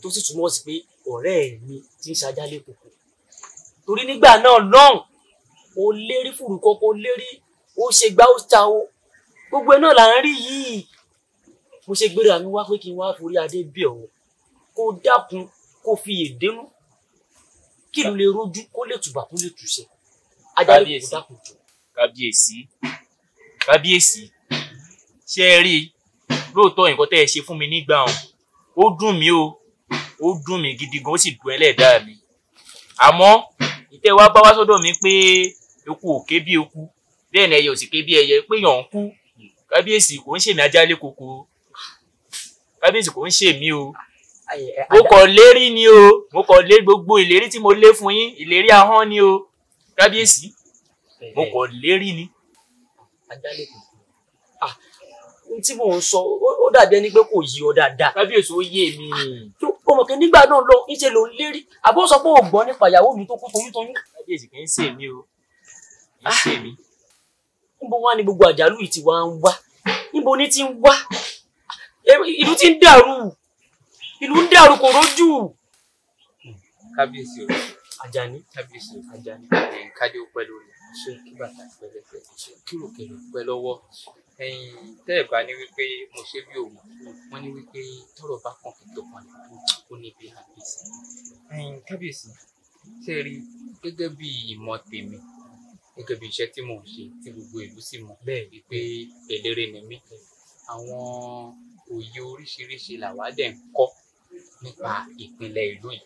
tó sì túmọ̀ sí pé ọ̀rẹ́ mi ti ń ṣajálẹ̀ kòkò torí nígbà náà lọ́hùn ó lérí fùrùkọ́ kó lérí ó ṣe gbá ó ta o gbogbo ẹ náà là ń rí yìí mo ṣe gbéra mi wá pé kí n wá forí adé bí ọ̀wọ́ kó dákun kó fi èdénú kí ìlú lè rojú kó lè tùbà kó lè túṣẹ́ kábíyèsí kábíyèsí kábíyèsí ṣé ẹ rí i lóòótọ́ nǹkan tẹ́ ẹ ṣe fún mi nígbà ọ̀hún ó dùn mí o ó dùn mí gidi gan ó sì dùn ẹlẹ́dàá mi àmọ́ ìtẹ́ wa bá wá sọ́dọ̀ mi pé eku ò ké bí eku bẹ́ẹ̀ ni ẹyẹ ò sì ké bí ẹyẹ pé yàn ń kú kábíyèsí kò ń ṣèmí ajálé koko kábíyèsí kò ń ṣèmí o mo kàn lérí ni o mo kàn lé gbogbo ìlérí tí mo lé fún yín ìlérí ahọ́n ni o kábíyèsí mo kò lérí ni ah ohun tí mò ń sọ ó dàbí ẹni pé kò yí ọ dáadáa kábíyèsí ó yé mi ó mọ̀ pé nígbà náà lọ níṣẹ́ ló ń lérí àbó sọ pé ò gbọ́ nípa ìyàwó mi tó kú toyúntoyún kábíyèsí kì í ṣe mí o kì í ah. ṣe mí. níbo wá ni gbogbo àjálù yìí ti wá ń wá níbo ni ti ń wá ìlú ti ń dàrú ìlú ń dàrú kò rójú. kábíyèsí o. Ajani kábíyèsí Ajani kádé ó pẹ́ lórí ṣé kí bàtà pẹ́ lẹ́sẹ̀ ṣé kí òkè ló pẹ́ lọ́wọ́ ẹ̀yin tẹ́ ẹ̀ bá ní wípé mo ṣe bí òun wọ́n ní wípé tọ́rọ̀ bá kàn kí tó kàn ní ó ní bí kábíyèsí ẹ̀yin kábíyèsí ṣe rí gẹ́gẹ́ bí ìmọ̀ tèmi gẹ́gẹ́ bí iṣẹ́ tí mò ń ṣe tí gbogbo ìlú sì mọ̀ bẹ́ẹ̀ wípé eléré ni mí àwọn òye oríṣiríṣi làwa ń kọ́ nípa ìpínlẹ̀ ìlú yìí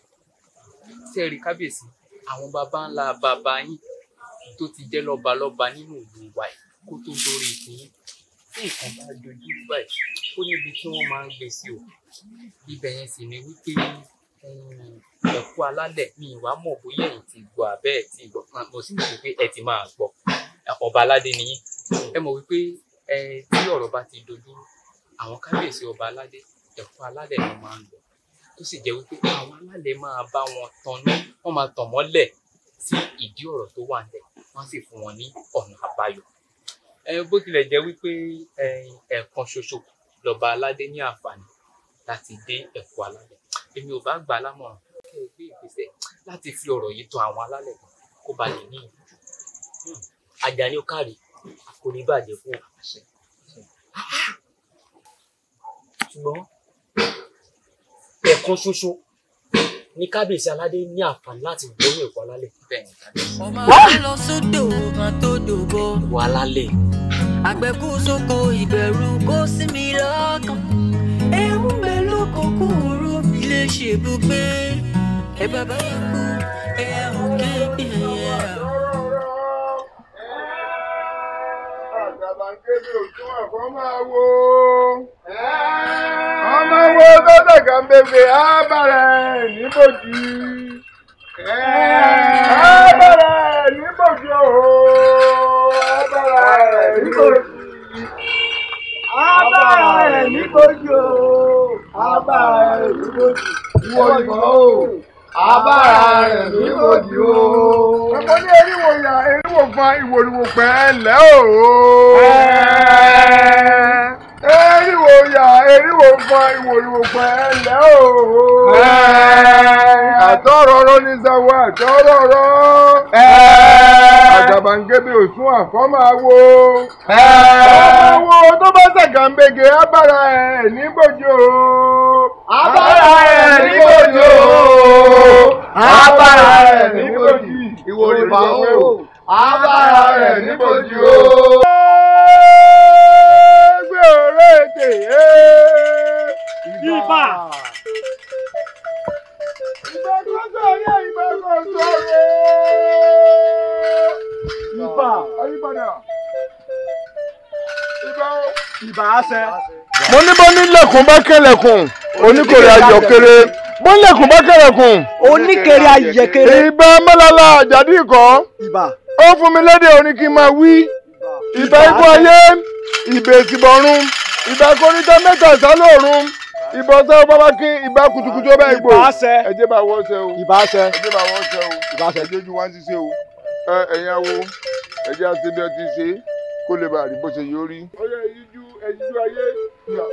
sẹ́ẹ̀rì kábíyèsí àwọn baba ńlá baba yín tó ti jẹ́ lọ́ba lọ́ba nínú ìlú wa yìí kó tó dórí ìpín tí nǹkan bá dojú báyìí ó níbi tí wọ́n máa ń gbé sí o ibẹ̀ yẹn sì ni wípé ẹ̀kú alálẹ̀ mi ìwà mọ̀ bóyá ẹ̀yin ti gbọ́ abẹ́ ẹ̀ ti gbọ́ mo sì mọ̀ pé ẹ ti máa gbọ́ ọba aládé nìyí ẹ mọ̀ wípé tí ọ̀rọ̀ bá ti dojú àwọn kábíyèsí ọba aládé ẹ̀kú alálẹ̀ ló máa ń gbọ́ tó sì jẹ́ wípé àwọn alálẹ̀ máa bá wọn tanná wọ́n máa tàn mọ́lẹ̀ sí ìdí ọ̀rọ̀ tó wà nílẹ̀ wọ́n sì fún wọn ní ọ̀nà àbáyọ. bó tilẹ̀ jẹ́ wípé ẹ̀ẹ̀kan ṣoṣo lọ́ba aládé ní àǹfààní láti dé ẹ̀kọ́ alálẹ̀ èmi ò bá gbà á lámọ̀ràn kí ẹ gbé ìgbésẹ̀ láti fi ọ̀rọ̀ yìí tan àwọn alálẹ̀ kó ba lè ní ìlú hmm. Àjàní ó kárí kò ní bàjẹ́ fún ṣùgbọ́n kan ṣoṣo ní kábíyèsí aládé ní àǹfààní láti gbóyè ìwọ alálẹ̀. ọmọ rẹ lọ sódò kan ìbẹ̀rù kó sí mi lọ́kàn. ewu mélòó kò kú òru ilé ṣèbùgbé. ẹ bàbá yẹn kú ẹ ò yẹn. kéde òtún àfọ́ máa wo. ọmọ wo tó dàgbà bèbè á bàrẹ̀ níbòjì. á bàrẹ̀ níbòjì ooo. á bàrẹ̀ níbòjì. á bàrẹ̀ níbòjì ooo. á bàrẹ̀ níbòjì. ìwọ ìgbà ooo. abára rẹ̀ níbòdì o. ọmọ ní eriwo ya eríwo fan ìwòlùwò pẹ́ ẹ̀lẹ́ o. Eriwo ya eríwo fan ìwòlùwò pẹ́ ẹ̀lẹ́ o. àtọ̀rọ̀rọ̀ ní sáwọ́ àtọ̀rọ̀rọ̀. àgàbàǹgẹ̀bẹ̀ òsùn àfọ́màwò. àfọ́màwò tó bá ṣàgàǹbẹ̀gẹ̀ abára ẹ̀ níbòdì o. abara ẹ̀ níbòjì ooo abara ẹ̀ níbòjì ìwòrìbà ooo abara ẹ̀ níbòjì ooo. gbé òré ètè ibà. ìgbàgbọ́sọ̀ yẹ ìgbàgbọ́sọ̀ yẹ. o mo ní bó ní lẹ̀kùn bá kẹlẹ̀kùn oníkèrè ayọ̀ kéré bó ní lẹ̀kùn bá kẹlẹ̀kùn. oníkèrè ayọ̀ kéré. ìbà mọ́lálá àjàdí ìkọ́ ó fún mi lédè orin kí n máa wí ìbà ikú ayé ìbè ìtìbọ̀rún ìbà kórìtà mẹ́ta ìsálòrun ìbọ̀sẹ̀ babakí ìbà kùtùkùtù ọba ìgbò ẹ̀jẹ̀ bá wọ́n ṣe o ìbáṣẹ ẹ̀jẹ̀ bá wọ́n ṣe o ìbáṣẹ ẹ̀jẹ̀ ju wá ń ṣiṣẹ́ o ẹ̀yìn awo ẹ̀jẹ̀ àti ibi ọtí ṣe kó lè bàa rí bó ṣe yóò rí. ó yẹ ìjú ẹjú ayé yà.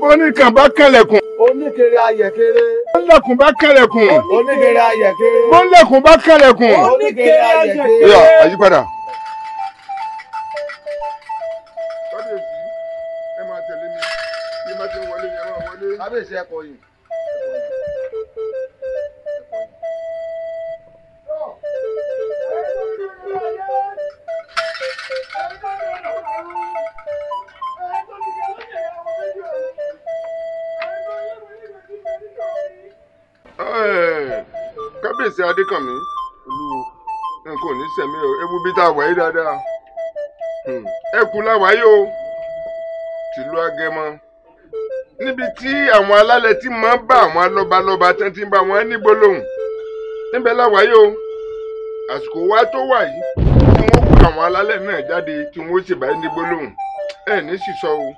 bọ́nìkan bá kẹlẹ̀kùn. oníkèrè ayẹ̀kèrè. bọ́nìkùn bá kẹlẹ̀kùn. oníkèrè ayẹ̀kèrè. bọ́nìkùn bá kẹlẹ̀kùn. oníkèrè ayẹ̀kèrè. yà àyípadà. kábíyèsí ẹ máa tẹ̀lé mi bí má ti ń wọlé yẹn máa wọlé. kábíyèsí ẹ kọ yìí. kábíyèsí adékànmí olúwo n kò ní sẹ̀mí o ewu bí tá a wáyé dáadáa hmm. ẹ kú láwáyé o tìlú agẹmọ níbi tí àwọn alálẹ̀ tí máa ń bá àwọn alọ́balọ́ba tán ti ń bá wọn níbo lóhùn níbẹ̀ láwáyé o àsìkò wa tó wà yìí tí wọ́n kó àwọn alálẹ̀ náà jáde tí wọ́n sì bá níbo lóhùn ní sísọ o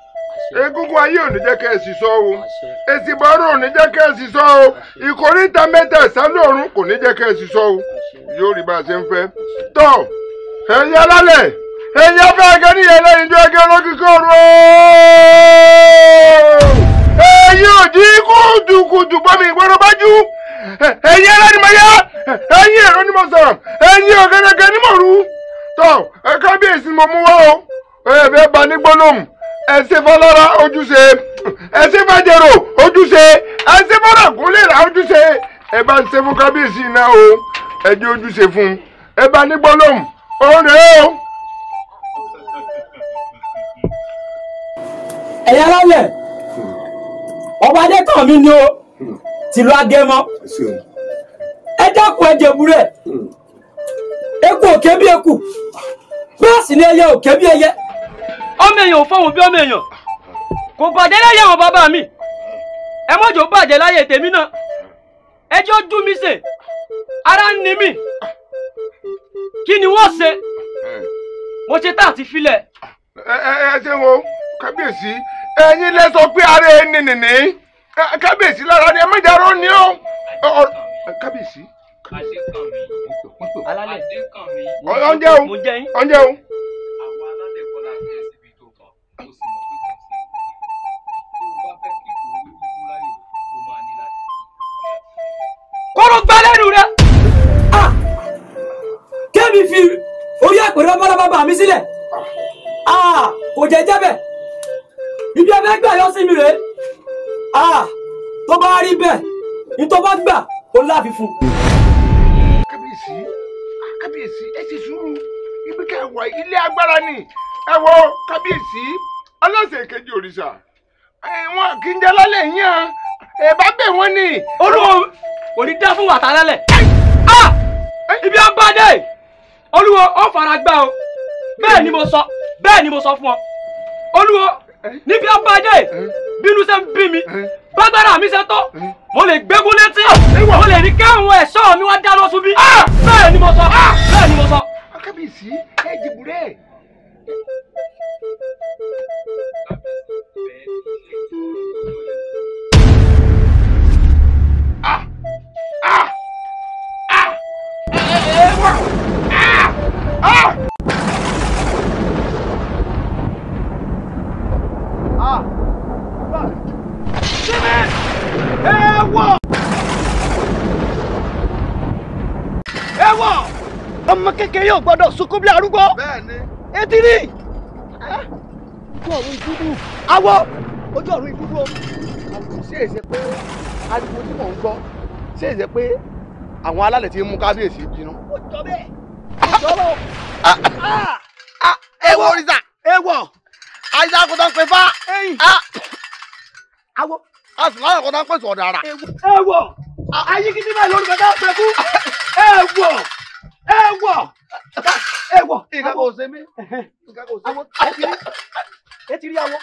egungun ayé ò ní jẹ́ kẹ́ ẹ sì sọ o èsì bọ́rọ̀ ò ní jẹ́ kẹ́ ẹ sì sọ o ìkóríta mẹ́tẹ̀ẹ̀sá lòrùn kò ní jẹ́ kẹ́ ẹ sì sọ o yóò rí bá a ṣe ń fẹ́ tọ́ ẹ̀yin alálẹ̀ ẹ̀yin afẹ́ ẹ̀gẹ́ ní ìyẹn lẹ́yìn tó ẹ̀gẹ́ olókìkọ́ rò ẹ̀yin òdì kùdùkùdù bọ́mi ìgbọ́dọ̀ bá jú ẹ̀yin ẹlẹ́nìmọ̀yá ẹ̀yin èrò ni mo sọ̀rọ̀ ẹ̀yin ọ̀gẹ́dẹ́gẹ́ ni mo rú tọ́ ẹ̀ka bí èsì mo mú wá o ẹ̀ẹ́dẹ́ bá ní gbólóhùn ẹsẹ fọlọ́ra ojúṣe ẹsẹ fàjẹrò ojúṣe ẹsẹ fọlọ́kúnlẹ̀ra ojúṣe ẹ bá ń ṣe fún kábíyèsí náà o ẹ jẹ́ ojúṣe fún un ẹ bá ní gbólóhùn òun rèé o. ẹ̀yin aláwẹ̀ ọba adékànmí ni o hmm. tìlú agẹmọ ẹ dákun ẹ jẹ̀búrẹ́ hmm. eku òkè bí eku bẹ́ẹ̀ sì ni ẹyẹ òkè bí ẹyẹ ọmọ èèyàn ò fọhùn bí ọmọ èèyàn kò bàjẹ́ láyé àwọn bàbá mi ẹ mọ̀jọ́ bàjẹ́ láyé tèmi náà ẹjọ́ dùn mí sè ara ń ni mí kí ni wọ́n ṣe mo ṣe tá àti filẹ̀. ẹ ẹ ṣe wo kábíyèsí ẹ̀yin lẹ sọ pé ara ẹ ní nìní kábíyèsí lára ni ẹ má dárò ni o kábíyèsí. alálẹ̀ ọ̀njẹ́ o ọ̀njẹ́ o ó sì mọ̀ pé kò sí tó o bá fẹ́ kí ìwé kíkún láyè o máa ní láti. kọ́rọ̀ gba lẹ́nu rẹ̀ ah! kẹ́mi fi orí àpèrè ọmọlọ́mọ bà mí sílẹ̀ ah! kò jẹ́ jẹ́bẹ̀ ibi ẹgbẹ́ gbà yọ sí mi rèé ah! tó bá rí bẹ́ẹ̀ ní tó bá gbà ó láàfin fún kábíyèsí kábíyèsí ẹ ṣe sùúrù ibi kẹwàá ilé agbára ni ẹ wo kábíyèsí ọlọ́sẹ̀ kejì òrìṣà wọn kì í jẹ lálẹ́ yín hàn ẹ̀bá bẹ̀ wọ́n ni. olúwo òní dá fún wàtá lálẹ́ ibi ọba dé olúwo ó fara gbá o bẹ́ẹ̀ ni mo sọ bẹ́ẹ̀ ni mo sọ fún ọ olúwo níbi ọba dé bínú ṣe ń bí mi bágbára mi ṣe tó mo lè gbégún létí ah! mo lè ní káwọn ẹ̀ṣọ́ mi wá dáná sun bí ah! bẹ́ẹ̀ ni mo sọ ah! bẹ́ẹ̀ ni mo sọ. akábíyèsí ẹ jìbùrẹ́ kékeré ò gbọdọ̀ sunkún bí arúgbó. bẹ́ẹ̀ni etí ni ojú ọ̀run ìdúdú awọ ojú ọ̀run ìdúdú o ṣé è ṣe pé ariwo tí mò ń gbọ́ ṣé è ṣe pé àwọn alálẹ̀ ti mú kábíyèsí jiná. ó jọ bẹ́ẹ̀ ó jọ bọ. Ah. Ah. Ah. ewọ òrìṣà ewọ àìsàn àkọ́tà ń pè fá. awọ àìsàn àkọ́tà ń pèsè ọ̀dà ara. ewọ ayé báyìí lórí bàtà ọ̀sẹ̀ kú ewọ ẹ wọ ẹ wọ nǹkan kò ṣe mí nǹkan ẹ ti rí awọ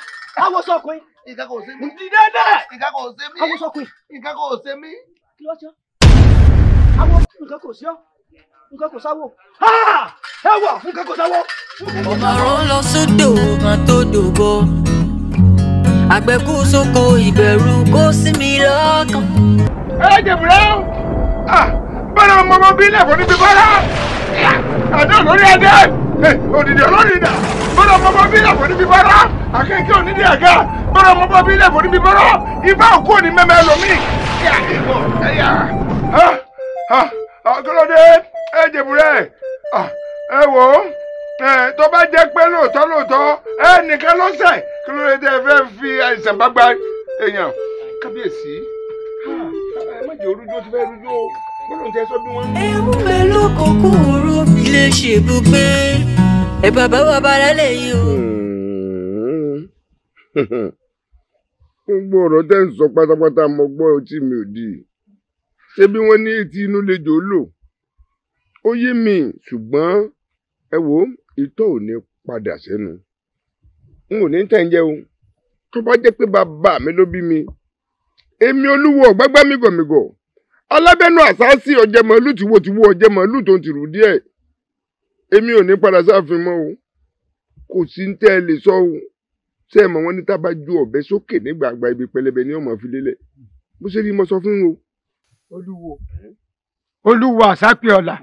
awọ sọkùnrin. nǹkan kò ṣe mí. dídé dẹ. nǹkan kò ṣe mí. awọ sọkùnrin. nǹkan kò ṣe mí. kí ló ṣe awọ nǹkan kò ṣe ọ nǹkan kò sáwọ ẹ wọ nǹkan kò sáwọ. ọmọ ọ̀run lọ sódò máa tó dògbò àgbẹ̀kú sóko ìbẹ̀rù sí mi lọ́kàn. ẹ jẹ̀bùrẹ́ o. Ah! bára ọmọ ọmọ bílẹ̀ kò ní fi bára àdó lórí ẹdẹ òdìdí olórí ìdá bára ọmọ ọmọ bílẹ̀ kò ní fi bára akẹ́kẹ́ onídìí àga bára ọmọ ọmọ bílẹ̀ kò ní fi bára ibà òkú òní mẹ́mẹ́ lomi. ọkọlọdé ẹ jẹbùrẹ ẹ wò ó tó bá jẹ́ pé lóòótọ́ lóòótọ́ ẹ nìkan lọ́sẹ̀ kí ló lè dé ẹ fẹ́ fi àìsàn bá gba èèyàn kábíyèsí ẹ má jẹ́ orújú ó ti fẹ́ rújú gbọ́dọ̀ tẹ sọ bí wọ́n. ewu mélòó kò kú oró ilé ṣèbùgbé ẹ bàbá wà bára lẹ́yìn o. gbogbo ọ̀rọ̀ tẹ́ ń sọ pátápátá mo gbọ́ etí mi ò di ṣé bí wọ́n ní etí inú lejò lò ó yé mi ṣùgbọ́n ẹ wo ìtọ́ ò ní padà sẹ́nu n ò ní tẹ̀ ń jẹ́ o tó bá jẹ́ pé bàbá mi ló bí mi èmi olúwo gbágbá mi gọ̀mìgọ̀ ọlábẹ́nu àsáàsì ọ̀jẹ̀mọ̀lú tìwòtìwò ọ̀jẹ̀mọ̀lú tó ń tìrù díẹ̀ èmi ò ní padà sáàfin mọ́ o kò sí ń tẹ́ ẹ lè sọ o ṣé ẹ mọ̀ wọ́n ní tábà ju ọ̀bẹ sókè nígbàgbà ibi pẹlẹbẹ ní ọmọ fi lélẹ̀ bó ṣe rí mo sọ fún o. olúwo olúwo àsápẹ́ọ̀là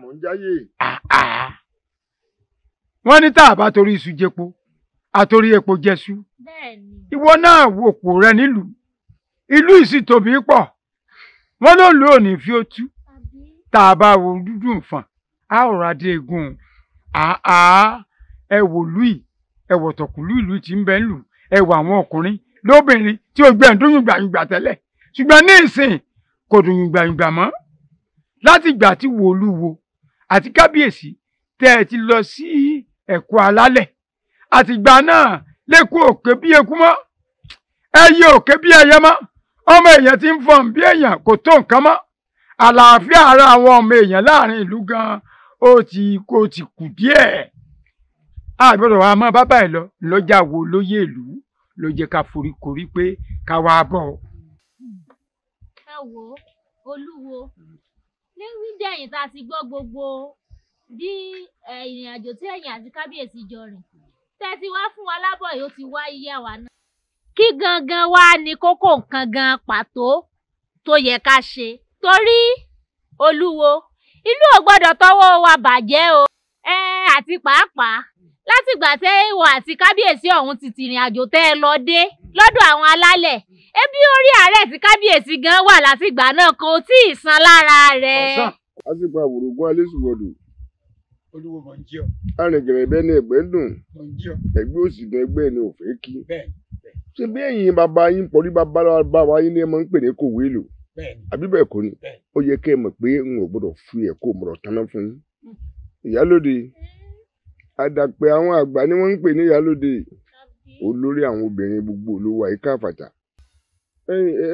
wọ́n ní tá a bá torí iṣu jẹpo àtorí epo jẹṣu ìwọ náà wò pò rẹ nílùú ìlú ìsìtòbí pọ̀ wọ́n ló lò ní fi ó tú tá a bá wo dúdú nǹfàn a ò ra dé egun àá ẹ wò lùí ẹ wò tọ̀kùlù ìlú tí ń bẹ ń lù ẹ wò àwọn ọkùnrin lóbìnrin tí ó gbẹ ń dúnyùn gbàyùngbà tẹ́lẹ̀ ṣùgbọ́n ní ìsìn kò dùnyùn gbàyùngbà mọ́ láti ìgbà tí wòlúwo àti kábíyèsí tẹ́ ẹ ti lọ sí ẹ̀kọ́ alálẹ̀ àtìgbà náà lẹ́kọ̀ọ́ òkè bí eku mọ́ ẹ yẹ òkè bí ẹyẹ mọ́ ọmọ èèyàn ti ń fọn bí èèyàn kò tó nǹkan mọ́ àlàáfíà ara àwọn ọmọ èèyàn láàrin ìlú gan ó ti kó ti kù díẹ̀ àgbọ̀dọ̀ wa mọ́ bàbá ẹ̀ lọ lọ́jà wo lóyè ìlú ló jẹ́ ká foríkorí pé ká wá bọ̀. ẹ wo olúwo ní wíjẹyìn tá a ti gbọ́ gbogbo bí eh, ìrìn tí ẹ̀yin àti kábíyèsí jọ rìn tẹ́ ti wá fún wa lábọ̀ yìí ó ti wá iye àwa náà kí gangan wá ní kókó nǹkan gan pàtó tó yẹ ká ṣe torí olúwo ìlú ò gbọ́dọ̀ tọwọ́ wa bàjẹ́ o ẹ àti pàápàá látìgbà tẹ́ ìwọ àti kábíyèsí ọ̀hún ti tìrìn àjò tẹ́ ẹ lọ dé lọ́dọ̀ àwọn alálẹ̀ ebi orí ààrẹ tí kábíyèsí gan wà látìgbà náà kò tí ì san lára rẹ̀. ọ̀sán látìgbà wòrógún alésùwọ̀dù olúwo mọ̀ ń jí ọ. arìngìrìnbẹ́ni ẹ̀gbẹ́ dùn ẹ̀gbẹ́ òsì dùn ẹgbẹ́ ni òfé kí. bẹ́ẹ̀ ṣé bí ẹ̀yin bàbá yín pọ̀rí bàbá bàbá yín ni ẹ máa ń pè ní kò wéèlò àbí bẹ́ẹ̀ kọ́ ni ó yẹ kẹ́ ẹ mọ̀ pé n ò gbọ́dọ̀ fi ẹ̀kọ́ mọ̀rọ̀ tán fún yín hmm. ìyálòde àdàpẹ̀ àwọn àgbà ni wọ́n ń pè ní ìyálòde olórí àwọn obìnrin gbogbo olówó àyíká àfàtà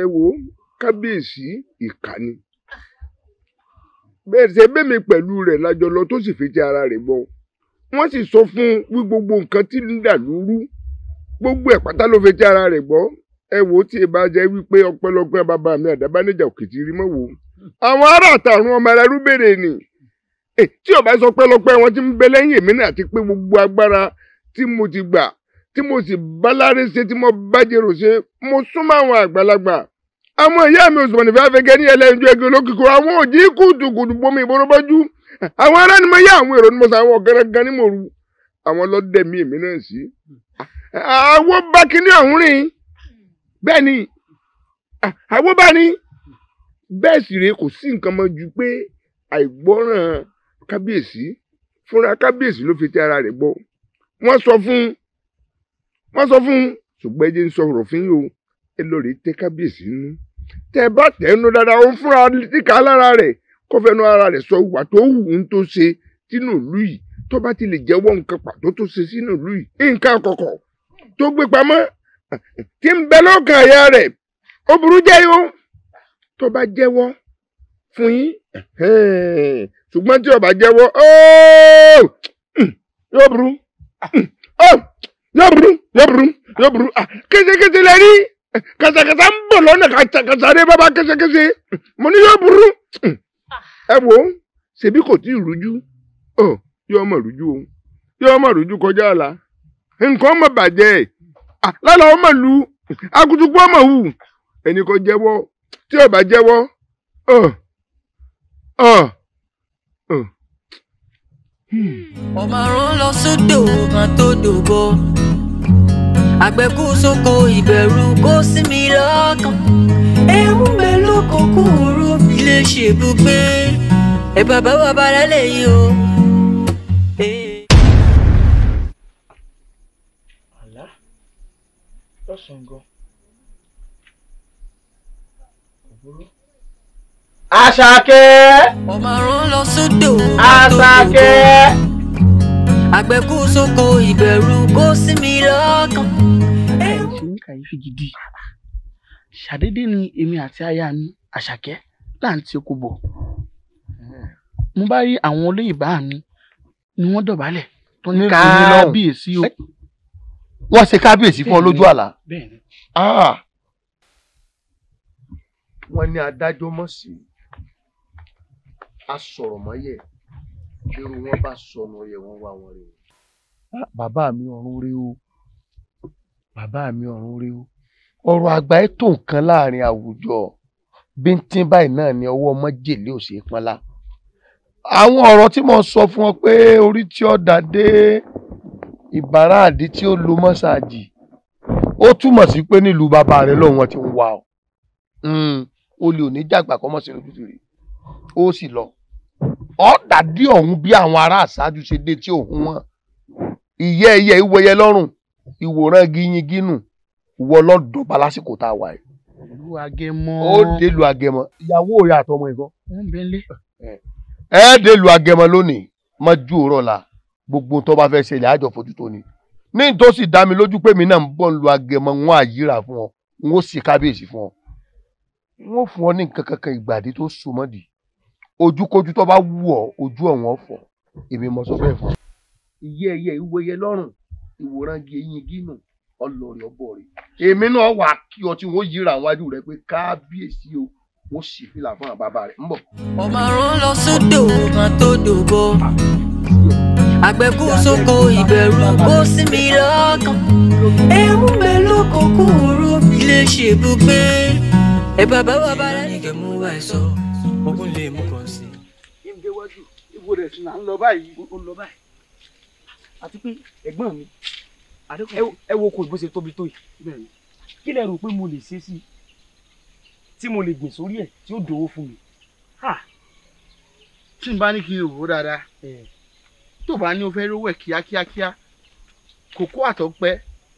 ẹ wo kábíyèsí ìkànnì bẹ́ẹ̀ ṣe bẹ́ẹ̀ mi pẹ̀lú rẹ̀ lájọ lọ tó sì fi ti ara rẹ̀ bọ̀ wọ́n sì sọ fún wí gbogbo nǹkan tí ń dà lóru gbogbo ẹ̀ pátá ló fi tí ara rẹ̀ gbọ́ ẹ wò ó tí ì bá jẹ́ wípé ọpẹ́lọpẹ́ bàbá mi àdábánijà òkìtì rí mọ́ wò ó àwọn ará àtàrun ọmọ ẹrú béèrè ni tí ọba sọ pẹ́lọpẹ́ wọn ti ń bẹ lẹ́yìn èmi náà àti pé gbogbo agbára tí mo ti gbà tí mo sì bálárẹ ṣe tí mo bájẹrò ṣe mo súnmọ́ àwọn àgbàlagbà àwọn ìyá mi Òṣùmàrè nífẹ̀ẹ́ afẹ́gẹ́ ní ẹlẹ́yinjú ẹgbẹ́ olókìkọ àwọn òjì kùtùkùtù bomi ìbọrọbọjú àwọn ará ni mo yá àwọn èrò ni mo sọ ọ̀gẹ́rẹ́ gan ni mo ru àwọn lọ́dẹ̀ mi èmi náà sí àwo bá kinní ọ̀hún rìn bẹ́ẹ̀ ni àwo bá ní bẹ́ẹ̀ sì rèé kò sí nǹkan mọ́ ju pé àìgbọ́ràn kábíyèsí fúnra kábíyèsí ló fi tẹ́ ara rẹ̀ gbọ́ wọ́n sọ fún wọ́n sọ fún ṣùgbọ́n ẹ jẹ́ ń sọ̀rọ̀ fún yìí o ẹ lọ rèé tẹ́ kábíyèsí nínú tẹ́ ẹ bá tẹ̀ ẹnu dáadáa òun fúnra níka lára rẹ̀ kó fẹnu ara rẹ̀ sọ wà tó wù ú tó ṣe sínú ìlú yìí tó bá ti lè jẹ́wọ́ nǹkan pàtó tó ṣe sínú ìlú yìí nǹkan kọ̀kọ̀ tó gbé pamọ́ tí ń bẹ lọ́kàn àyà rẹ̀ ó burú jẹ́ yó tó bá jẹ́wọ́ fún yín ṣùgbọ́n tí ó bá jẹ́wọ́ yóò burú yóò burú yóò burú yóò burú kéṣekéṣe lẹ rí kàṣàkàṣà ń bọ̀ lọ́nà kàṣàkàṣà bàbá kéṣekéṣe mo ní yóò burú ẹ wò ṣèbí kò tí ì rújú yóò mọ̀ rújú o yóò mọ̀ rújú kọjá àlà nǹkan má bàjẹ́ ah, lálẹ́ wọn mọ̀ lu akutuku wọn mọ̀ wù ẹnì kan jẹ́wọ́ tí ò bá jẹ́wọ́ hmm. ọmọ àrùn lọ sódò kan tó dògbò àgbẹ̀kú sóko ìbẹ̀rù kó sí mi lọ́kàn ewu mélòó kòkòrò ilé ṣèbùgbé ẹ̀ bàbá bàbá lálẹ́ yìí o. lọ́sàn-án gan. Àṣàkẹ́. ọmọ rán lọ sódò. Àṣàkẹ́. àgbẹ̀kú sóko ìbẹ̀rù kó mi lọ́kàn. ẹ ṣe ní gidi ṣàdédé ni èmi àti aya mi Àṣàkẹ́ là ń ti oko bọ̀ mo bá rí àwọn olóyìnbá mi ni wọ́n dọ̀bálẹ̀ tó ní kábíyèsí o wọ́n ṣe kábíyèsí fún ọ lójú àlá. Ah. wọ́n ní adájọ́ mọ̀ sí asọ̀rọ̀mọ́yẹ̀ irú wọn bá sọnù ọyẹ wọn wá wọn rè bàbá mi ọ̀run rí o bàbá mi ọ̀run rí o ọ̀rọ̀ àgbáyé tó nǹkan láàrin àwùjọ bíntín báyìí náà ni ọwọ́ mọ́jèlé ò ṣe pọ́nlá àwọn ọ̀rọ̀ tí mo sọ fún ọ pé orí tí ó dé ìbáraàdì tí ó lu mọ́ṣáàjì ó túmọ̀ sí pé nílùú bàbá rẹ lọ́wọ́ ti wà ọ́ o ò ní jàgbà kọ́ mọ̀ sí lójútì rẹ̀ ó sì lọ ọ́ dàdí ọ̀hún bí àwọn ará àṣáájú ṣe dé tí òun wọn ìyẹ́ ẹyẹ ìwẹyẹ lọ́rùn ìwòran ginyinginu wọ lọ́dọ̀ba lásìkò tá a wà yìí. ìlú agẹmọ. ó délu agẹmọ. ìyàwó rẹ àtọmọ ẹ ó ń bẹ lé. ẹ délu agẹmọ lónìí mọ́jú òrọ̀ la gbogbo tó bá fẹ́ ṣẹlẹ̀ àjọ fojú tó ni ní tó sì dá mi lójú pé mi náà ń bọ̀ ń lu agẹmọ wọn àyíra fún ọ n ó sì kábíyèsí fún ọ n ó fún ọ ní nǹkan kankan ìgbàdí tó so mọ́dì ojúkójú tó bá wù ọ ojú ọ̀wọ́n fọ̀ èmi mọ sọ bẹ́ẹ̀ fún ọ. iye ẹyẹ ìwòye lọ́rùn ìwòran gi eyín gínú ọlọrin ọbọ rẹ èmi náà wà kí ọ wọn yíra wájú rẹ pé kábíyèsí o wọn sì fún àwọn bàbá ń bọ. ọmọ àrùn àgbẹ̀kú sóko ìbẹ̀rù kó sí mi lọ́kàn ewu mélòó kò kúrú ilé ṣèbùgbé ẹ bàbá wa bá rẹ̀ nìkẹ́ mú wa ẹ̀ sọ ogún lè mú kàn sí. ìgbéwájú ìwo rẹ̀ sì là ń lọ báyìí ó ń lọ báyìí àti pé ẹ̀gbọ́n mi ẹ wo kò bó ṣe tóbi tó yìí kí lẹ rò pé mo lè ṣe sí i tí mo lè gbìn sórí ẹ̀ tí ó dòwó fún mi. tí n bá ní kí n wò dáadáa tó bá ní o fẹ́ rówó ẹ̀ kíákíákíá kòkó àtọ̀pẹ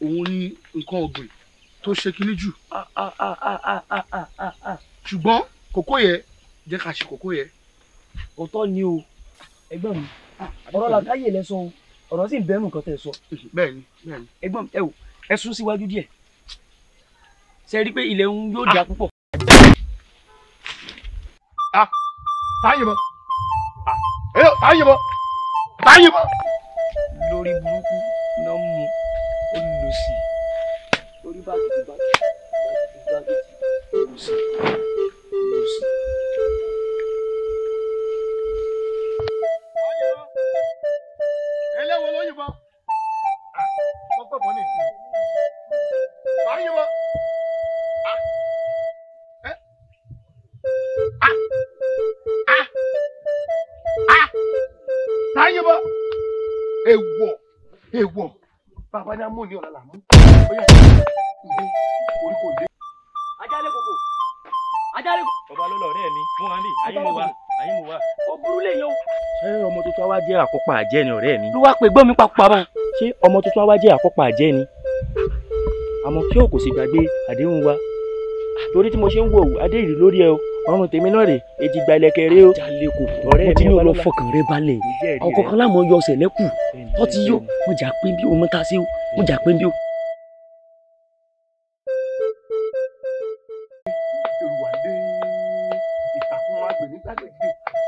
òun ni nǹkan ọ̀gbìn tó ṣe kíní jù ṣùgbọ́n kòkó yẹ jẹ́ ká ṣe kòkó yẹ. ọ̀tọ̀ ni o ẹgbẹ́ mi ah, ọ̀rọ̀ làkàyè lẹ sọ ọ̀rọ̀ sì ń bẹ́ẹ̀ mú nǹkan tẹ̀ sọ. bẹ́ẹ̀ni bẹ́ẹ̀ni. ẹgbẹ́ mi ẹ wò ẹ sún síwájú díẹ̀ ṣe rí i pé ilẹ̀ ń yóò dà púpọ̀. ah tá a yìnbọn ah tá a yìnbọn báyìí bọ́. lórí burúkú náà mú olùlòsì orí bá kìtì bá kìtì bá kìtì olùsì olùsì. bá ní amóhùn ní ọ̀la là mú. bóyá ìdè orí kò dé. ajálẹ̀ kòkò ajálẹ̀ kòkò. ọba ló lọ ọ̀rẹ́ mi fún wa ayé mo wà ayé mo wà. ó burú lẹ́yìn o. ṣé ọmọ tuntun wa jẹ́ àkópa àjẹ́ ni ọ̀rẹ́ mi. ló wá pé gbọ́ mi papọ̀ àbọ̀. ṣé ọmọ tuntun wa jẹ́ àkópa àjẹ́ ni. àmọ́ kí o kò sì gbàgbé àdéhùn wa. torí tí mo ṣe ń wò adé ìrì lórí ẹ o ọrùn tèmi náà rè èjì gba ilẹ̀kẹ̀ rẹ o. jalè kò ọ̀rẹ́ mi ọba lọ́la mo ti ní ọlọ́fọkàn rẹ balẹ̀ ọkọ̀ọ̀kan láwọn yọ ọ̀sẹ̀ lẹ́kù ọtí yó wọn jà pé bí òun ta sí o mo jà pé ń bí o. ìrùwàdé ìtàkùn àgbè nígbàgbé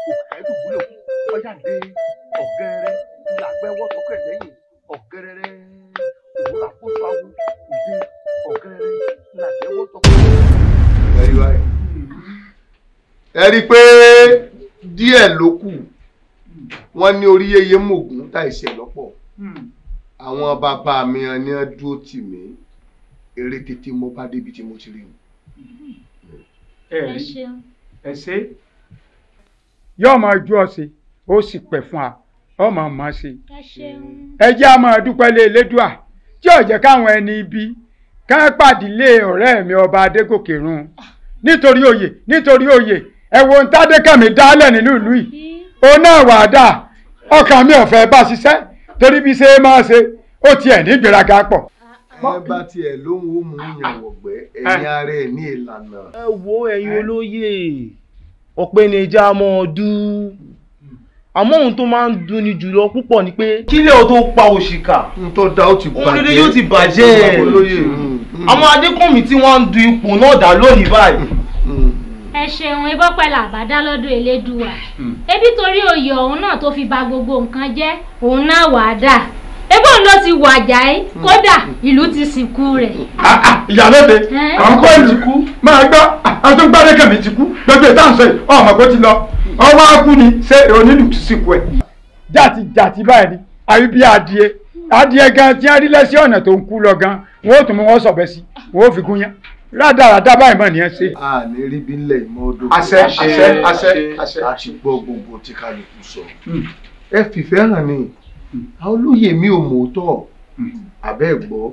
òkèèrè gbúlò ọjà dé ọgẹrẹ làgbẹwọ tọkẹ lẹ́yìn ọgẹrẹ òwúrọ̀ àkóso àwọn ìdè ọgẹrẹ làgbẹwọ tọkẹ. ẹ rí i pé díẹ̀ ló kù wọ́n ní orí yeye mògùn tá ìṣẹ̀lọ́ àwọn bàbá mi ni wọ́n dúró tì mí eré tètè mo bá débi tí mo ti rí wọn. ẹ ṣeun. ẹ ṣe. yóò máa ju ọ̀sẹ̀ ó sì pẹ̀ fún wa ó máa máa ṣe. ẹ jẹ́ a máa dúpẹ́ lé elédùà tí ò jẹ́ káwọn ẹni ibi ká pàdé lé ọ̀rẹ́ mi ọba adégòkè run ah. nítorí oyè nítorí oyè ẹ wo ń tádékàmí dálẹ̀ nílùú ìlú yìí òun náà wàá dà ọkàn mi ò fẹ́ bá ṣiṣẹ́ torí bí ṣe máa ṣe ó tiẹ̀ ní ìgbéraga pọ̀ ẹ bá tiẹ̀ lóhun ó mú yàn wọ̀gbẹ́ ẹ̀yin ara ẹ̀ ní ìlànà. ẹ wo ẹ̀yin olóyè ọ̀pẹ ni ìjà mọ́ ọ dún àmọ́ ohun tó máa ń dunni jùlọ púpọ̀ ni pé kílẹ̀ o tó pa òṣìkà ohun tó da ó ti bàjẹ́ ohun dédé yóò ti bàjẹ́ àwọn adékùnmí tí wọ́n ń du ipò náà dá lónìí báyìí. ẹ ṣeun ebó pẹ̀lú àbádá lọ́dún elédùà hmm. ebi torí oyè ọ̀hún náà tó fi ba gbogbo nǹkan jẹ́ òun náà wàá dà ẹ̀gbọ́n ló ti wàjà ẹ e, kódà ìlú ti sìnkú rẹ̀. Ah, ah, ìyálóde eh? àwọn kọ́ ìlú kú máa gbọ́ àtúgbàdékè mi ti kú gbogbo ìtànsọ yìí ọmọ kò ti lọ ọwọ́ akú ni ṣé onílù ti sìnkú ẹ̀. jàti jàti báyìí ni àbí bí adìẹ adìẹ gan tí a rí lẹ́sẹ̀ ọ̀nà tó ń kú lọ gan wọn ò tún mú wọn sọ̀bẹ sí wọn ò fi gún yán rádaràdá báyìí mọ̀ nìyẹn ṣe. a ní rí bí ilẹ̀ ìmọ̀ odò. àṣẹ àṣẹ àṣẹ àṣẹ. a ti gbọ́ gbogbo tí kálukú sọ. Hmm. ẹ fìfẹ́ hàn ni olóyè mi ò mòótọ́ hmm. abẹ́ gbọ́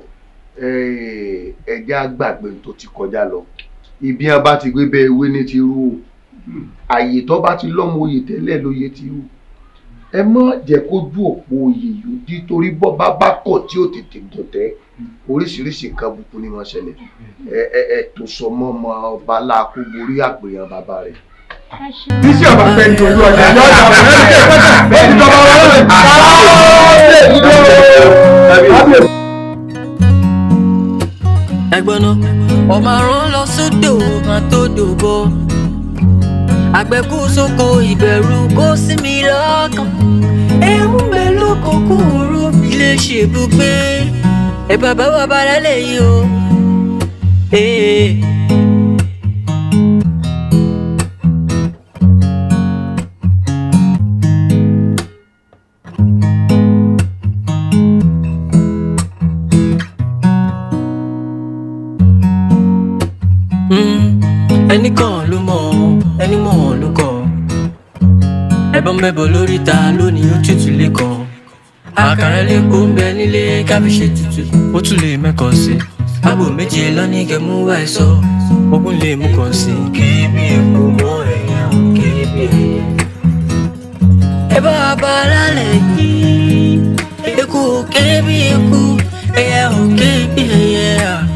eh, ẹ̀jẹ̀ àgbàgbé tó ti kọjá lọ ibi a bá ti gbé bẹ ewé ní ti rú o hmm. àyè tó bá ti lọ́mọ oyè tẹ́lẹ̀ lóye ti rú ẹ mọ́ jẹ́ kó ju òpó oyè yìí dí torí bọ́ bá bá kọ̀ tí ò tètè dọ̀tẹ́ hmm. oríṣiríṣi nǹkan bùkún ni wọ́n ṣẹlẹ̀ ẹ ẹ tó sọ mọ́ ọba aláàkó borí àpèyàn bàbá rẹ̀ bísí ọba fẹ́ ní olú ọjà lọ́dà bẹ́ẹ̀ ni ọba wọn lọ́dà káàárọ̀ ìlú ọ̀rọ̀. ẹgbọ́nà ọmọ àrùn lọ sódò máa tó dòbò àgbẹ̀kú sóko kó sí mi lọ́kàn ewu mélòó kókó oró mi lè ṣèbùgbé ẹ bàbá wà bàrà lẹ́yìn o. ẹnì kan ló mọ̀ ẹnì mọ̀ ló kọ̀ ẹbọn mẹbọ lórí ta lónìí ó tútù lé kan àkàrà elépo ń bẹ nílé káfíṣe tútù ó tún lè mẹkọ sí àbò méje lọ́ní kẹmú wá ẹ sọ ogún lè mú kàn sí. kébì kò mọ ẹ̀yà kébì. ẹ bá bá lálẹ́ yìí eku ò kébì eku ẹ̀yà ò kébì ẹ̀yà.